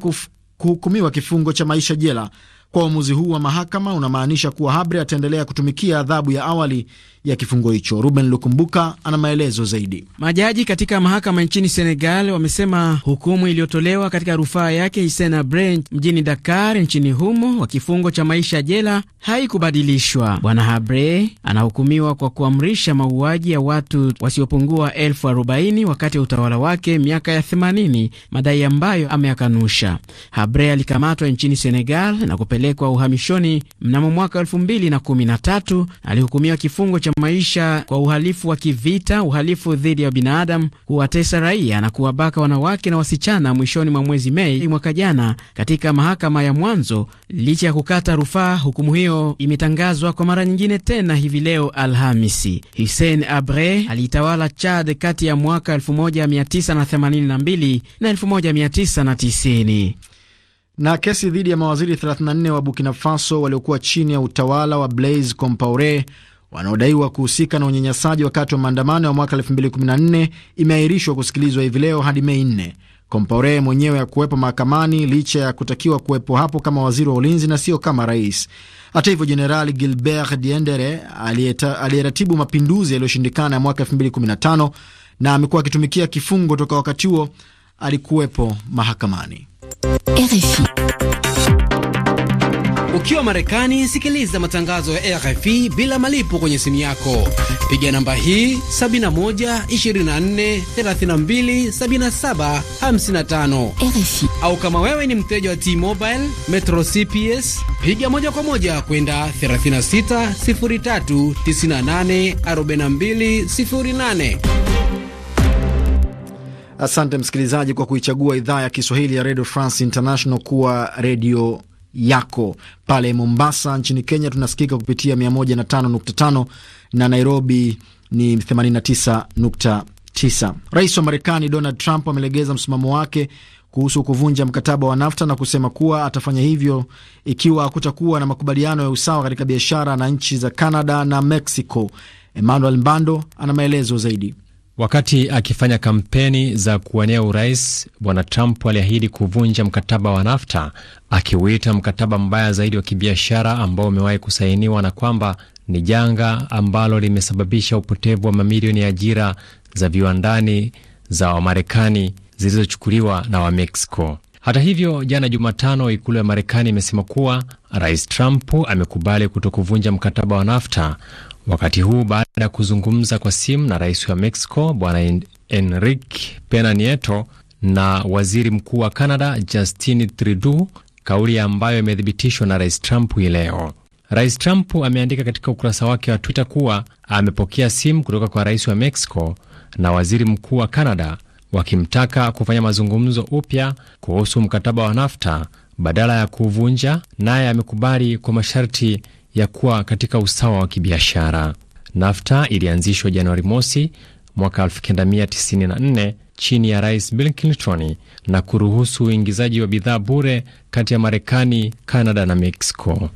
kuhukumiwa kifungo cha maisha jela kwa uamuzi huu wa mahakama unamaanisha kuwa Habre ataendelea kutumikia adhabu ya awali ya kifungo hicho. Ruben Lukumbuka ana maelezo zaidi. Majaji katika mahakama nchini Senegal wamesema hukumu iliyotolewa katika rufaa yake Hisena Bre mjini Dakar nchini humo wa kifungo cha maisha jela haikubadilishwa. Bwana Habre anahukumiwa kwa kuamrisha mauaji ya watu wasiopungua elfu arobaini wakati wa utawala wake miaka ya 80, madai ambayo ameyakanusha. Habre alikamatwa nchini Senegal na kupelekwa uhamishoni mnamo mwaka 2013 alihukumiwa kifungo cha maisha kwa uhalifu wa kivita, uhalifu dhidi ya binadamu, kuwatesa raia na kuwabaka wanawake na wasichana mwishoni mwa mwezi Mei mwaka jana katika mahakama ya mwanzo, licha ya kukata rufaa. Hukumu hiyo imetangazwa kwa mara nyingine tena hivi leo Alhamisi. Hussein Abre alitawala Chad kati ya mwaka 1982 na 1990 na kesi dhidi ya mawaziri 34 wa Burkina Faso waliokuwa chini ya utawala wa Blaise Compaore wanaodaiwa kuhusika na unyanyasaji wakati wa maandamano ya mwaka 2014 imeahirishwa kusikilizwa hivi leo hadi Mei 4. Compaore mwenyewe hakuwepo mahakamani licha ya kutakiwa kuwepo hapo kama waziri wa ulinzi na sio kama rais. Hata hivyo, Jenerali Gilbert Diendere aliyeratibu mapinduzi yaliyoshindikana ya mwaka 2015 na amekuwa akitumikia kifungo toka wakati huo alikuwepo mahakamani. RFI. Ukiwa Marekani, sikiliza matangazo ya RFI bila malipo kwenye simu yako. Piga namba hii 7124327755 RFI, au kama wewe ni mteja wa T-Mobile Metro piga moja kwa moja kwenda 36398428 Asante msikilizaji kwa kuichagua idhaa ya Kiswahili ya Radio France International kuwa redio yako. Pale Mombasa nchini Kenya tunasikika kupitia 105.5 na Nairobi ni 89.9. Rais wa Marekani Donald Trump amelegeza msimamo wake kuhusu kuvunja mkataba wa NAFTA na kusema kuwa atafanya hivyo ikiwa hakutakuwa na makubaliano ya usawa katika biashara na nchi za Canada na Mexico. Emmanuel Mbando ana maelezo zaidi. Wakati akifanya kampeni za kuwania urais, Bwana Trump aliahidi kuvunja mkataba wa NAFTA akiuita mkataba mbaya zaidi wa kibiashara ambao umewahi kusainiwa na kwamba ni janga ambalo limesababisha upotevu wa mamilioni ya ajira za viwandani za Wamarekani zilizochukuliwa na Wameksiko. Hata hivyo, jana Jumatano, ikulu ya Marekani imesema kuwa Rais Trump amekubali kutokuvunja mkataba wa NAFTA Wakati huu baada ya kuzungumza kwa simu na rais wa Mexico Bwana Enrique Pena Nieto na waziri mkuu wa Canada Justin Trudeau, kauli ambayo imethibitishwa na rais Trump hii leo. Rais Trump ameandika katika ukurasa wake wa Twitter kuwa amepokea simu kutoka kwa rais wa Mexico na waziri mkuu wa Canada wakimtaka kufanya mazungumzo upya kuhusu mkataba wa NAFTA badala ya kuvunja naye amekubali kwa masharti ya kuwa katika usawa wa kibiashara. NAFTA ilianzishwa Januari mosi mwaka 1994 chini ya Rais Bill Clinton na kuruhusu uingizaji wa bidhaa bure kati ya Marekani, canada na Mexico.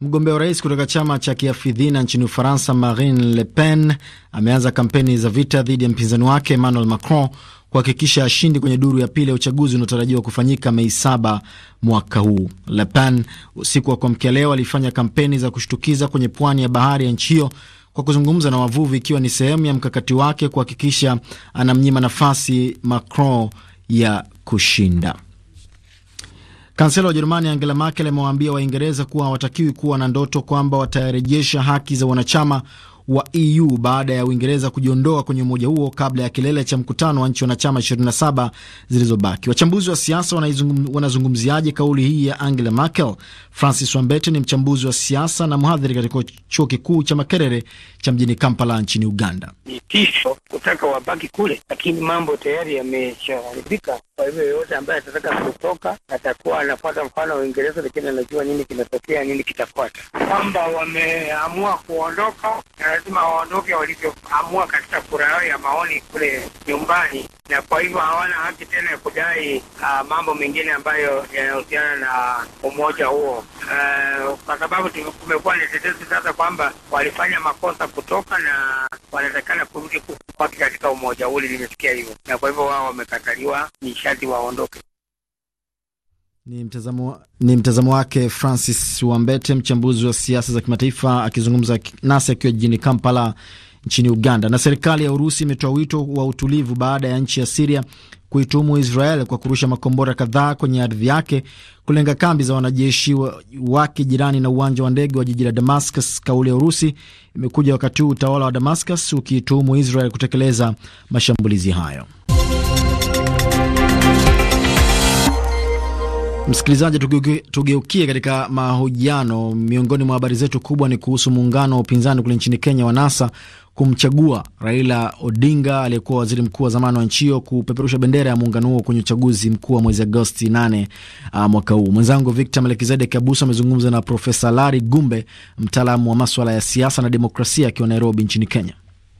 Mgombea wa rais kutoka chama cha kiafidhina nchini Ufaransa, Marine Le Pen, ameanza kampeni za vita dhidi ya mpinzani wake Emmanuel Macron kuhakikisha ashindi kwenye duru ya pili ya uchaguzi unaotarajiwa kufanyika Mei saba mwaka huu. Le Pen usiku wa kuamkia leo alifanya kampeni za kushtukiza kwenye pwani ya bahari ya nchi hiyo kwa kuzungumza na wavuvi, ikiwa ni sehemu ya mkakati wake kuhakikisha anamnyima nafasi Macron ya kushinda. Kansela wa Ujerumani Angela Merkel amewaambia Waingereza kuwa hawatakiwi kuwa na ndoto kwamba watarejesha haki za wanachama wa EU baada ya Uingereza kujiondoa kwenye umoja huo kabla ya kilele cha mkutano wa nchi wanachama 27 zilizobaki. Wachambuzi wa siasa wanazungumziaje kauli hii ya Angela Merkel? Francis Wambete ni mchambuzi wa siasa na mhadhiri katika chuo kikuu cha Makerere cha mjini Kampala nchini Uganda. Ni tisho kutaka wabaki kule, lakini mambo tayari yameshaharibika. Kwa hivyo yoyote ambaye atataka kutoka atakuwa anafuata mfano wa Uingereza, lakini anajua nini kinatokea, nini kitafuata, kwamba wameamua kuondoka na lazima waondoke walivyoamua katika kura yao ya maoni kule nyumbani, na kwa hivyo hawana haki tena ya kudai uh, mambo mengine ambayo yanahusiana na umoja huo uh, kwa sababu kumekuwa na tetesi sasa kwamba walifanya makosa kutoka na wanatakana kurudi kubaki katika umoja ule. Limefikia hivyo, na kwa hivyo wao wamekataliwa, ni sharti waondoke. Ni mtazamo, ni mtazamo wake Francis Wambete, mchambuzi wa siasa za kimataifa akizungumza nasi akiwa jijini Kampala nchini Uganda. Na serikali ya Urusi imetoa wito wa utulivu baada ya nchi ya Siria kuituhumu Israel kwa kurusha makombora kadhaa kwenye ardhi yake kulenga kambi za wanajeshi wake jirani na uwanja wa ndege wa jiji la Damascus. Kauli ya Urusi imekuja wakati huu utawala wa Damascus ukiituhumu Israel kutekeleza mashambulizi hayo. Msikilizaji, tugeukie katika mahojiano. Miongoni mwa habari zetu kubwa ni kuhusu muungano wa upinzani kule nchini Kenya wa NASA kumchagua Raila Odinga aliyekuwa waziri mkuu wa zamani wa nchi hiyo kupeperusha bendera ya muungano huo kwenye uchaguzi mkuu wa mwezi Agosti 8 mwaka huu. Mwenzangu Victor Melekizedek Abuso amezungumza na Profesa Lari Gumbe, mtaalamu wa maswala ya siasa na demokrasia, akiwa Nairobi nchini Kenya.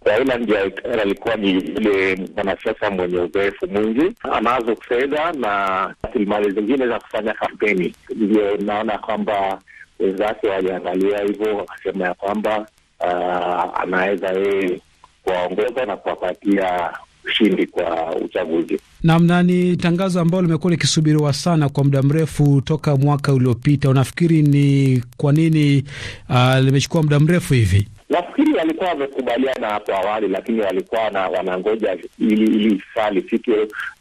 Raila ndiye alikuwa ni ile mwanasiasa mwenye uzoefu mwingi, anazo fedha na rasilimali zingine za kufanya kampeni. Hivyo naona kwamba wenzake waliangalia hivyo, wakasema ya kwamba uh, anaweza yeye kuwaongoza na kuwapatia ushindi kwa uchaguzi. nam na ni tangazo ambalo limekuwa likisubiriwa sana kwa muda mrefu toka mwaka uliopita. Unafikiri ni kwa nini uh, limechukua muda mrefu hivi? Nafikiri walikuwa wamekubaliana hapo awali, lakini walikuwa na wanangoja ili ili saa lifike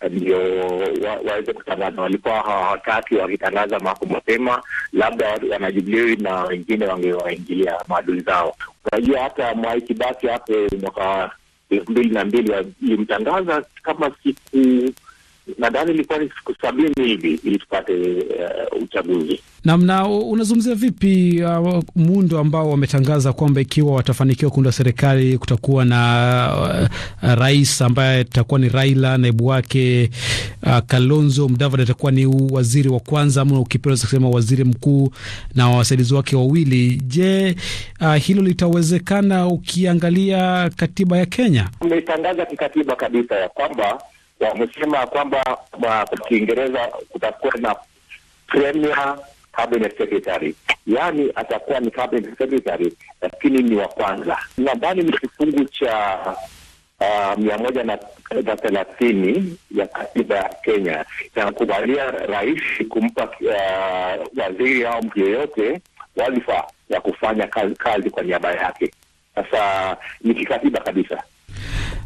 eh, ndio wa, waweze kutangaza. Walikuwa hawataki wakitangaza mako mapema, labda wanajubiliwi na wengine wangewaingilia maadui zao. Unajua, hata Mwai Kibaki hapo mwaka elfu mbili na mbili alimtangaza kama siku nadhani ilikuwa ni siku sabini hivi ili tupate uh, uchaguzi. nam Na unazungumzia vipi uh, muundo ambao wametangaza kwamba ikiwa watafanikiwa kuunda serikali kutakuwa na uh, uh, rais ambaye atakuwa ni Raila, naibu wake uh, Kalonzo Mudavadi atakuwa ni waziri wa kwanza ama ukipenda kusema waziri mkuu na wasaidizi wake wawili. Je, uh, hilo litawezekana ukiangalia katiba ya Kenya? Ametangaza kikatiba kabisa ya kwamba wamesema kwamba kwa Kiingereza kutakuwa na premier cabinet secretary, yaani atakuwa ni cabinet secretary lakini ni wa kwanza. Nadhani ni kifungu cha uh, mia moja na thelathini ya katiba ya Kenya inakubalia rais kumpa uh, waziri au mtu yeyote wadhifa ya kufanya kazi, kazi kwa niaba yake. Sasa ni kikatiba kabisa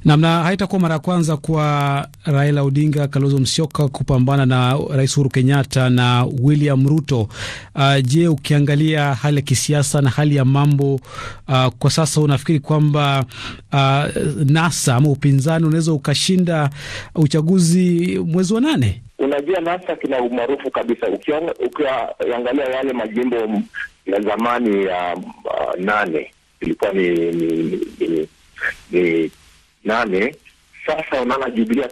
namna haitakuwa mara ya kwanza kwa Raila Odinga, Kalonzo Musyoka kupambana na Rais Uhuru Kenyatta na William Ruto. Uh, je, ukiangalia hali ya kisiasa na hali ya mambo uh, kwa sasa unafikiri kwamba uh, NASA ama upinzani unaweza ukashinda uchaguzi mwezi wa nane? Unajua, NASA kina umaarufu kabisa, ukiangalia yale majimbo ya zamani ya uh, uh, nane ilikuwa ni, ni, ni, ni, ni nane. Sasa unaona jubilia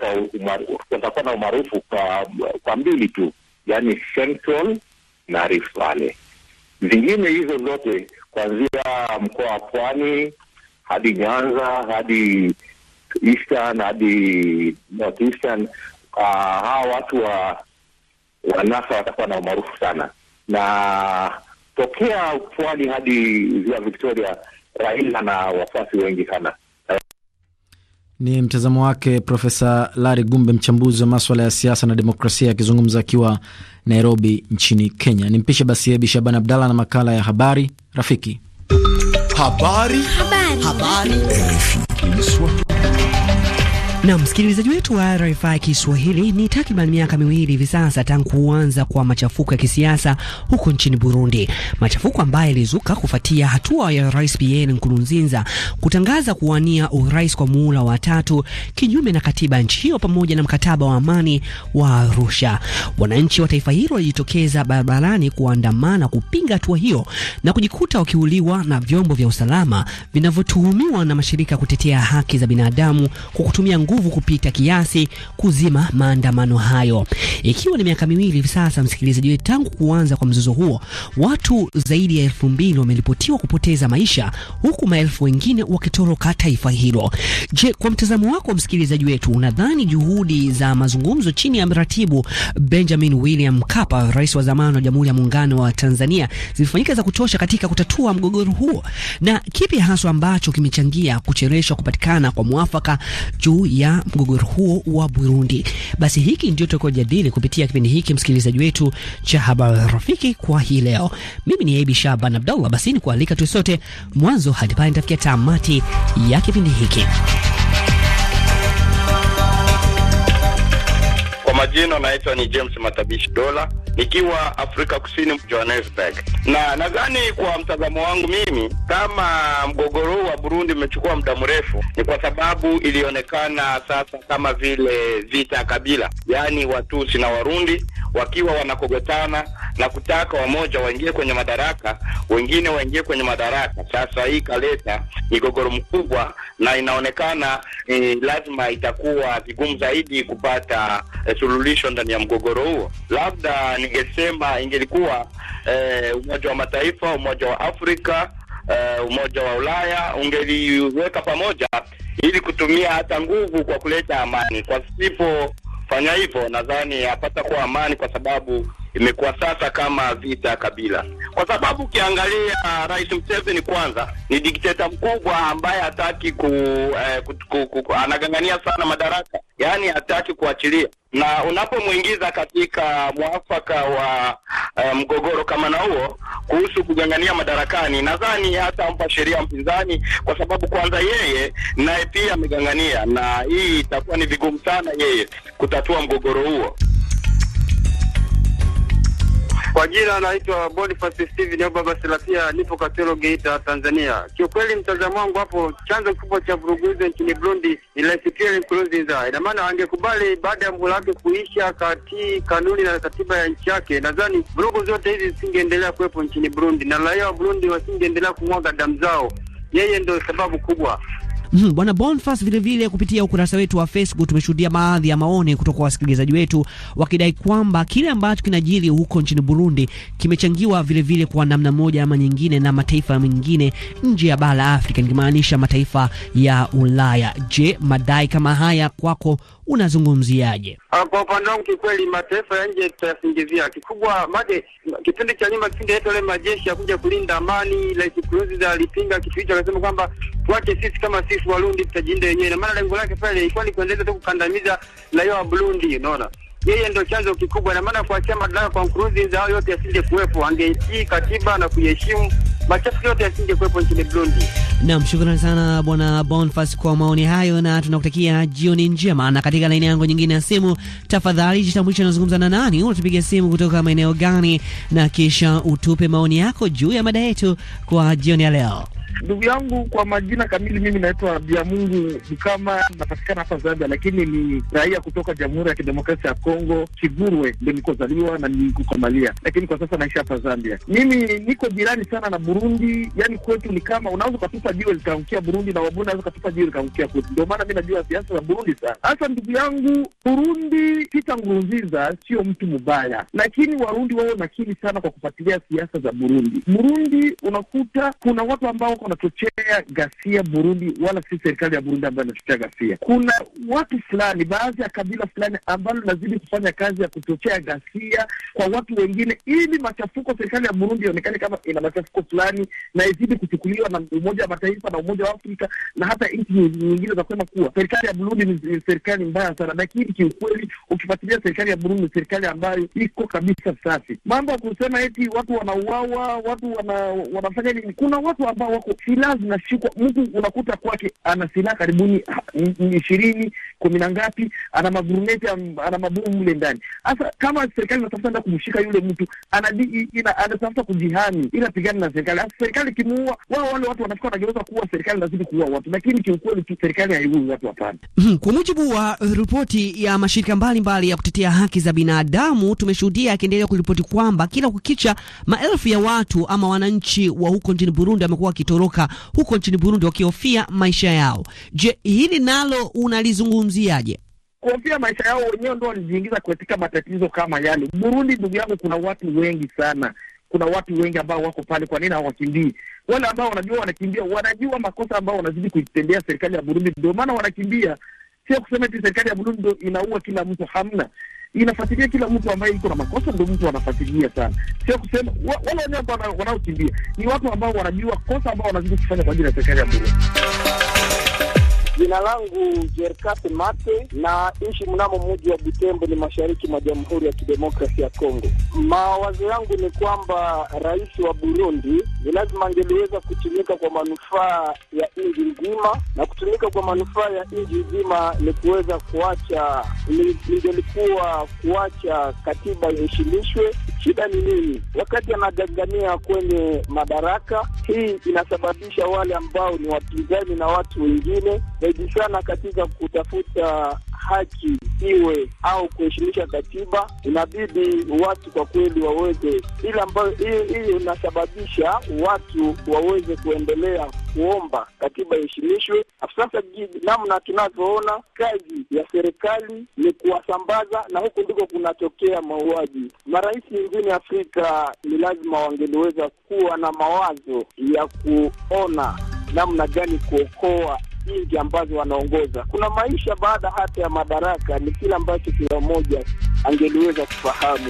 watakuwa na umaarufu kwa, kwa mbili tu, yani Central na Rift Valley. Zingine hizo zote kuanzia mkoa wa Pwani hadi Nyanza hadi Eastern hadi North Eastern, ah, hawa watu wa wa NASA watakuwa na umaarufu sana, na tokea pwani hadi ziwa Victoria, Raila na wafuasi wengi sana. Ni mtazamo wake Profesa Lari Gumbe, mchambuzi wa maswala ya siasa na demokrasia, akizungumza akiwa Nairobi nchini Kenya. Ni mpishe basi Ebi Shaban Abdalla na makala ya habari rafiki. Habari. Habari. Habari. Habari. Na msikilizaji wetu wa RFI Kiswahili, ni takriban miaka miwili hivi sasa tangu kuanza kwa machafuko ya kisiasa huko nchini Burundi, machafuko ambayo yalizuka kufuatia hatua ya Rais Pierre Nkurunziza kutangaza kuwania urais kwa muhula wa tatu kinyume na katiba nchi hiyo pamoja na mkataba wa amani wa Arusha. Wananchi wa taifa hilo walijitokeza barabarani kuandamana kupinga hatua hiyo na kujikuta wakiuliwa na vyombo vya usalama vinavyotuhumiwa na mashirika ya kutetea haki za binadamu kwa kutumia nguvu nguvu kupita kiasi kuzima maandamano hayo, ikiwa ni miaka miwili hivi sasa. Msikilizaji wetu, tangu kuanza kwa mzozo huo, watu zaidi ya elfu mbili wameripotiwa kupoteza maisha, huku maelfu wengine wakitoroka taifa hilo. Je, kwa mtazamo wako msikilizaji wetu, unadhani juhudi za mazungumzo chini ya mratibu Benjamin William Mkapa, rais wa zamani wa Jamhuri ya Muungano wa Tanzania, zilifanyika za kutosha katika kutatua mgogoro huo, na kipi haswa ambacho kimechangia kucheleshwa kupatikana kwa mwafaka juu ya mgogoro huo wa Burundi. Basi hiki ndio tutakojadili kupitia kipindi hiki, msikilizaji wetu cha habari rafiki kwa hii leo. Mimi ni Abi Shaban Abdallah, basi ni kualika tu sote mwanzo hadi pale nitafikia tamati ya kipindi hiki. Kwa majina naitwa ni James Matabishi Dola nikiwa Afrika Kusini, Johannesburg. Na nadhani kwa mtazamo wangu mimi, kama mgogoro wa Burundi umechukua muda mrefu, ni kwa sababu ilionekana sasa kama vile vita ya kabila, yaani Watusi na Warundi wakiwa wanakogotana na kutaka wamoja waingie kwenye madaraka, wengine waingie kwenye madaraka. Sasa hii ikaleta migogoro mkubwa, na inaonekana eh, lazima itakuwa vigumu zaidi kupata eh, suluhisho ndani ya mgogoro huo, labda ningesema ingelikuwa eh, Umoja wa Mataifa, Umoja wa Afrika eh, Umoja wa Ulaya ungeliweka pamoja ili kutumia hata nguvu kwa kuleta amani. Kwa sipofanya hivyo, nadhani hapata kuwa amani, kwa sababu imekuwa sasa kama vita kabila, kwa sababu ukiangalia uh, Rais Museveni kwanza ni dikteta mkubwa ambaye hataki ku, eh, ku, ku, ku, anagangania sana madaraka, yaani hataki kuachilia na unapomwingiza katika mwafaka wa e, mgogoro kama na huo kuhusu kugangania madarakani, nadhani hata ampa sheria mpinzani, kwa sababu kwanza yeye naye pia amegangania, na hii itakuwa ni vigumu sana yeye kutatua mgogoro huo. Kwa jina anaitwa Boniface Steven au Baba Selafia, nipo Katoro Geita, Tanzania. Kiukweli mtazamo wangu hapo, chanzo kikubwa cha vurugu hizo nchini Burundi ni Rais Pierre Nkurunziza. Ina maana angekubali baada ya muhula wake kuisha katii kanuni na katiba ya nchi yake, nadhani vurugu zote hizi zisingeendelea kuwepo nchini Burundi na raia wa Burundi wasingeendelea kumwaga damu zao. Yeye ndio sababu kubwa. Mm, Bwana Bonfas vile vile kupitia ukurasa wetu wa Facebook tumeshuhudia baadhi ya maoni kutoka wasikilizaji wetu wakidai kwamba kile ambacho kinajiri huko nchini Burundi kimechangiwa vile vile kwa namna moja ama nyingine na mataifa mengine nje ya bara la Afrika, nikimaanisha mataifa ya Ulaya. Je, madai kama haya kwako unazungumziaje? Ah, kwa upande wangu, kikweli mataifa ya nje tutayasingizia kikubwa made Kipindi cha nyuma, kipindi yetu yale majeshi yakuja kulinda amani, Rais Nkurunziza alipinga kitu hicho, akasema kwamba tuache sisi kama sisi Warundi tutajilinda wenyewe, na maana lengo lake pale ilikuwa ni kuendeleza tu kukandamiza raia wa Burundi, unaona yeye ndio chanzo kikubwa, na maana kuachia madaraka kwa Nkurunziza, hayo yote kuwepo angeitii katiba na kuiheshimu machafuko yote yasingekuwepo nchini Burundi. Naam, shukrani sana Bwana Bonfas kwa maoni hayo, na tunakutakia jioni njema. Na katika laini yangu nyingine ya simu, tafadhali jitambulishe, unazungumza na nani, unatupiga simu kutoka maeneo gani, na kisha utupe maoni yako juu ya mada yetu kwa jioni ya leo. Ndugu yangu, kwa majina kamili, mimi naitwa Biamungu Bukama, napatikana hapa Zambia, lakini ni raia kutoka Jamhuri ya Kidemokrasia ya Kongo, Kigurwe ndio nikozaliwa na nikukamalia, lakini kwa sasa naishi hapa Zambia. Mimi niko jirani sana na Burundi, yani kwetu ni kama unaweza ukatupa jiwe likaangukia Burundi na Waburundi naweza ukatupa jiwe likaangukia kwetu. Ndio maana mi najua siasa za Burundi sana. Hasa ndugu yangu, Burundi, Pita Nkurunziza sio mtu mubaya, lakini Warundi wawe makini sana kwa kufuatilia siasa za Burundi. Burundi unakuta kuna watu ambao wanachochea ghasia Burundi, wala si serikali ya Burundi ambayo inachochea ghasia. Kuna watu fulani, baadhi ya kabila fulani ambalo linazidi kufanya kazi ya kuchochea ghasia kwa watu wengine, ili machafuko, serikali ya Burundi ionekane kama ina machafuko fulani na izidi kuchukuliwa na Umoja wa Mataifa na Umoja wa Afrika na hata nchi nyingine za kusema kuwa serikali ya Burundi ni serikali mbaya sana. Lakini kiukweli, ukifuatilia serikali ya Burundi ni serikali ambayo iko kabisa safi. Mambo ya kusema eti watu wanauawa, watu wana, wanafanya nini? Kuna watu ambao wako silaha zinashikwa mtu, unakuta kwake ana silaha karibuni ishirini kumi na ngapi, ana maguruneti, ana mabomu mle ndani. Sasa kama serikali inatafuta nda kumshika yule mtu, anatafuta kujihami, ila pigana na serikali. Sasa serikali ikimuua wao, wale watu wanafika, wanageuza kuwa serikali inazidi kuua watu, lakini kiukweli tu serikali haiui watu, hapana. Hmm, kwa mujibu wa uh, ripoti ya mashirika mbalimbali mbali ya kutetea haki za binadamu, tumeshuhudia akiendelea kuripoti kwamba kila kukicha maelfu ya watu ama wananchi wa huko nchini Burundi wamekuwa wakitoroka kutoroka huko nchini Burundi wakihofia maisha yao. Je, hili nalo unalizungumziaje? kuhofia maisha yao wenyewe ndio walijiingiza katika matatizo kama yale. Burundi, ndugu yangu, kuna watu wengi sana, kuna watu wengi ambao wako pale. Kwa nini hawakimbii? Wale ambao wanajua wanakimbia, wanajua makosa ambao wanazidi kuitendea serikali ya Burundi, ndio maana wanakimbia. Sio kusema eti serikali ya Burundi ndio inaua kila mtu, hamna inafuatilia kila mtu ambaye iko na makosa, ndio mtu anafuatilia sana, sio kusema wale wenyewe wanaokimbia ni watu ambao wanajua kosa ambao wanazidi kufanya kwa ajili ya serikali ya Burundi. Jina langu Jerkate Mate na ishi mnamo muji wa Butembo ni mashariki mwa Jamhuri ya Kidemokrasi ya Kongo. Mawazo yangu ni kwamba rais wa Burundi ni lazima angeliweza kutumika kwa manufaa ya nchi nzima, na kutumika kwa manufaa ya nchi nzima ni kuweza kuacha, lingelikuwa kuacha katiba iheshimishwe. Shida ni nini? Wakati anagangania kwenye madaraka, hii inasababisha wale ambao ni wapinzani na watu wengine sana katika kutafuta haki iwe au kuheshimisha katiba, inabidi watu kwa kweli waweze ile ambayo hiyo inasababisha watu waweze kuendelea kuomba katiba iheshimishwe. Sasa namna tunavyoona kazi ya serikali ni kuwasambaza, na huku ndiko kunatokea mauaji. Marais wengine Afrika ni lazima wangeliweza kuwa na mawazo ya kuona namna gani kuokoa msingi ambazo wanaongoza. Kuna maisha baada hata ya madaraka, ni kile ambacho kila mmoja angeliweza kufahamu.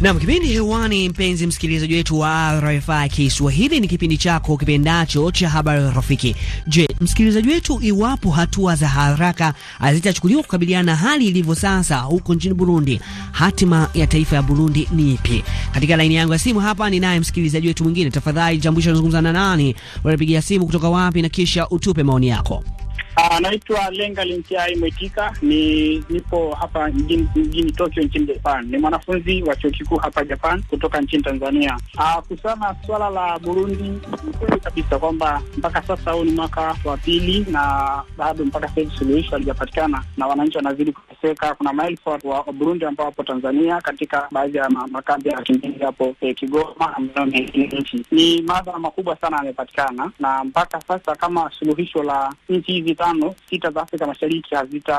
Nam, kipindi hewani, mpenzi msikilizaji wetu wa RFI Kiswahili, ni kipindi chako kipendacho cha habari rafiki. Je, msikilizaji wetu, iwapo hatua za haraka hazitachukuliwa kukabiliana na hali ilivyo sasa huko nchini Burundi, hatima ya taifa ya Burundi ni ipi? Katika laini yangu ya simu hapa ni naye msikilizaji wetu mwingine. Tafadhali jambusha, unazungumza na nani, unapigia simu kutoka wapi, na kisha utupe maoni yako. Anaitwa ah, Lenga Lintiai Mwitika, ni nipo hapa mjini, Tokyo nchini Japan. Ni mwanafunzi wa chuo kikuu hapa Japan kutoka nchini Tanzania. Ah, Kusema swala la Burundi, ni kweli kabisa kwamba mpaka sasa huu ni mwaka wa pili na bado mpaka sahivi suluhisho halijapatikana na wananchi wanazidi kuteseka. Kuna maelfu wa Burundi ambao wapo Tanzania katika baadhi ya makambi ya wakimbizi hapo eh, Kigoma na nchi. Ni madhara makubwa sana yamepatikana, na mpaka sasa kama suluhisho la nchi hizi tano sita za Afrika Mashariki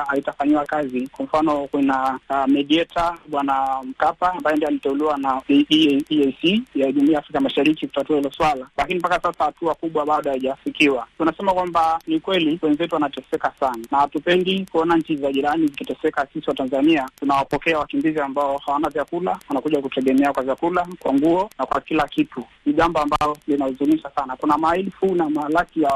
haitafanyiwa kazi. Kwa mfano, kuna uh, mediator Bwana Mkapa ambaye ndio aliteuliwa na EAC ya jumuia ya Afrika Mashariki kutatua hilo swala, lakini mpaka sasa hatua kubwa bado haijafikiwa. Tunasema kwamba ni kweli wenzetu wanateseka sana, na hatupendi kuona nchi za jirani zikiteseka. Sisi wa Tanzania tunawapokea wakimbizi ambao hawana vyakula, wanakuja kutegemea kwa vyakula, kwa nguo na kwa kila kitu. Ni jambo ambalo linahuzunisha sana. Kuna maelfu na malaki ya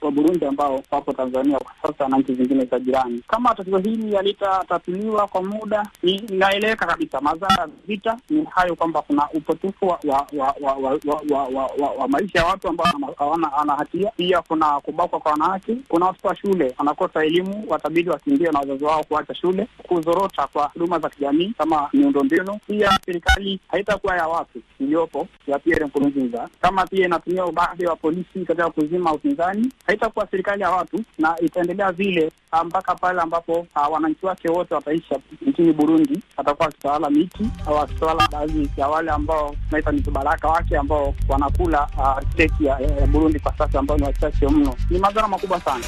wa Burundi ambao wapo Tanzania Kenya kwa sasa na nchi zingine za jirani. Kama tatizo hili halitatatuliwa kwa muda, inaeleweka kabisa madhara ya vita ni hayo, kwamba kuna upotefu wa wa wa wa, wa, wa, wa, wa, wa maisha ya watu ambao hawana hatia. Pia kuna kubakwa kwa wanawake, kuna watoto wa shule wanakosa elimu, watabidi wakimbie na wazazi wao kuacha shule, kuzorota kwa huduma za kijamii kama miundombinu. Pia serikali haitakuwa ya watu iliyopo ya Pierre Nkurunziza, kama pia inatumia ubadhi wa polisi katika kuzima upinzani, haitakuwa serikali ya watu na itaendelea vile ah, mpaka pale ambapo ah, wananchi wake wote wataishi nchini Burundi, atakuwa akitawala miti au akitawala baadhi ya wale ambao naita ni vibaraka wake ambao wanakula ah, keki ya Burundi kwa sasa, ambao ni wachache mno. Ni madhara makubwa sana.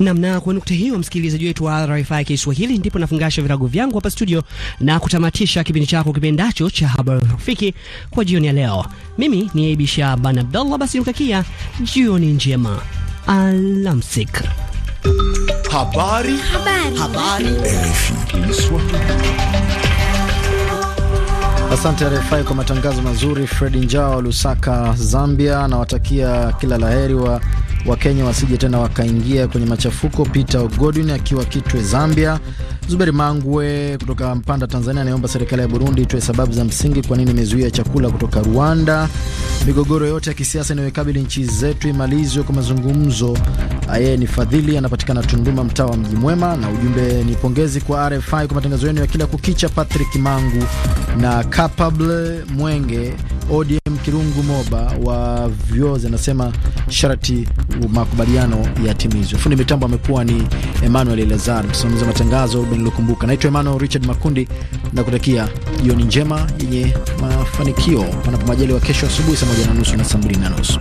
Namna kwa nukta hiyo, msikilizaji wetu wa RFI Kiswahili, ndipo nafungasha virago vyangu hapa studio na kutamatisha kipindi chako kipendacho cha habari rafiki kwa jioni ya leo. Mimi ni Abisha Ban Abdallah, basi nikutakia jioni njema, alamsik. Habari. Habari. Habari. Asante RFI kwa matangazo mazuri. Fredi Njao, Lusaka, Zambia. Nawatakia kila laheri wa Wakenya wasije tena wakaingia kwenye machafuko. Peter Godwin akiwa Kitwe, Zambia. Zuberi Mangwe kutoka Mpanda, Tanzania, anaomba serikali ya Burundi itoe sababu za msingi kwa nini imezuia chakula kutoka Rwanda. Migogoro yote ya kisiasa inayoikabili nchi zetu imalizwe kwa mazungumzo. Yeye ni Fadhili, anapatikana Tunduma, mtaa wa Mji Mwema, na ujumbe ni pongezi kwa RFI kwa matangazo yenu ya kila kukicha. Patrick Mangu na Capable Mwenge ODM Kirungu Moba wa vyozi anasema sharti makubaliano yatimizwe. Fundi mitambo amekuwa ni Emmanuel Lazar, msimamizi wa matangazo nililokumbuka. Naitwa Emmanuel Richard Makundi na kutakia jioni njema yenye mafanikio, panapo majali wa kesho asubuhi saa moja na nusu na saa mbili na nusu.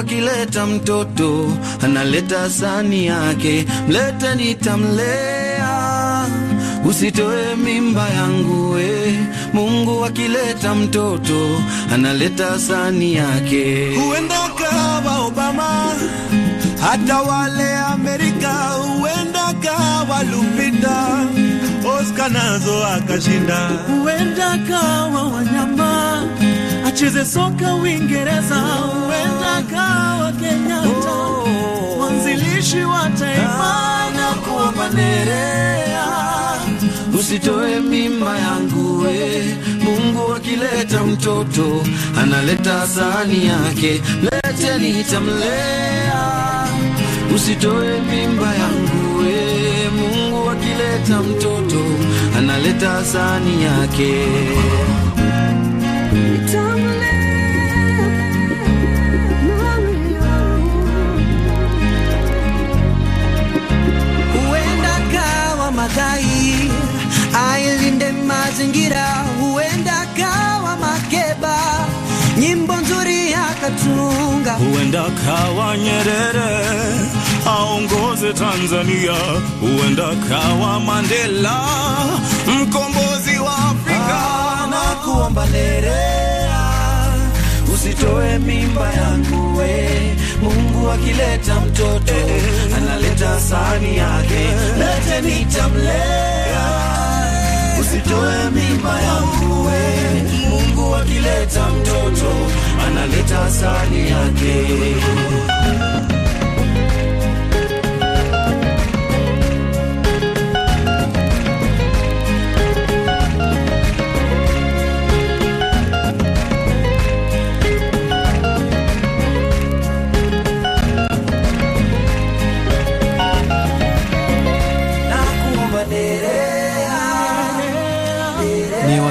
akileta mtoto analeta sani yake, mlete nitamlea, usitoe mimba yangu we. Mungu akileta mtoto analeta sani yake, huenda kawa Obama hata wale Amerika, huenda kawa Lupita Oscar nazo akashinda, huenda kawa wanyama acheze soka Uingereza, huenda kawa Kenyatta, mwanzilishi wa taifa na kuwa manerea. Usitoe mimba yangu we Mungu, akileta mtoto analeta sahani yake, leteni tamlea. Usitoe mimba yangu we Mungu, akileta mtoto analeta sahani yake Tell mazingira huenda kawa Makeba, nyimbo nzuri akatunga, huenda kawa Nyerere aongoze Tanzania, huenda kawa Mandela mkombozi wa Afrika. Na kuomba lerea, usitoe mimba yangu we Mungu akileta mtoto analeta sani yake, lete nitamlea usitoe mimba yangu we mungu akileta mtoto analeta asani yake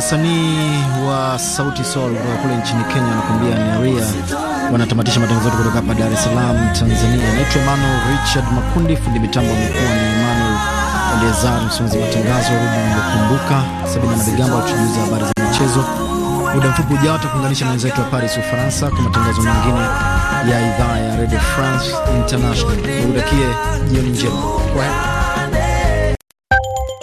Wasanii wa Sauti Sol kutoka kule nchini Kenya wanakuambia Neria. Wanatamatisha matangazo yetu kutoka hapa Dar es Salaam, Tanzania. Naitwa Emmanuel Richard Makundi, fundi mitambo amekuwa ni Emmanuel Eliazar, msimamizi wa matangazo Ruben Lukumbuka, Sabina Nadigamba wachujuza habari za michezo. Muda mfupi ujao takuunganisha na wenzetu wa Paris, Ufaransa, kwa matangazo mengine ya idhaa ya Radio France International. Nikutakie jioni njema, kwaheri.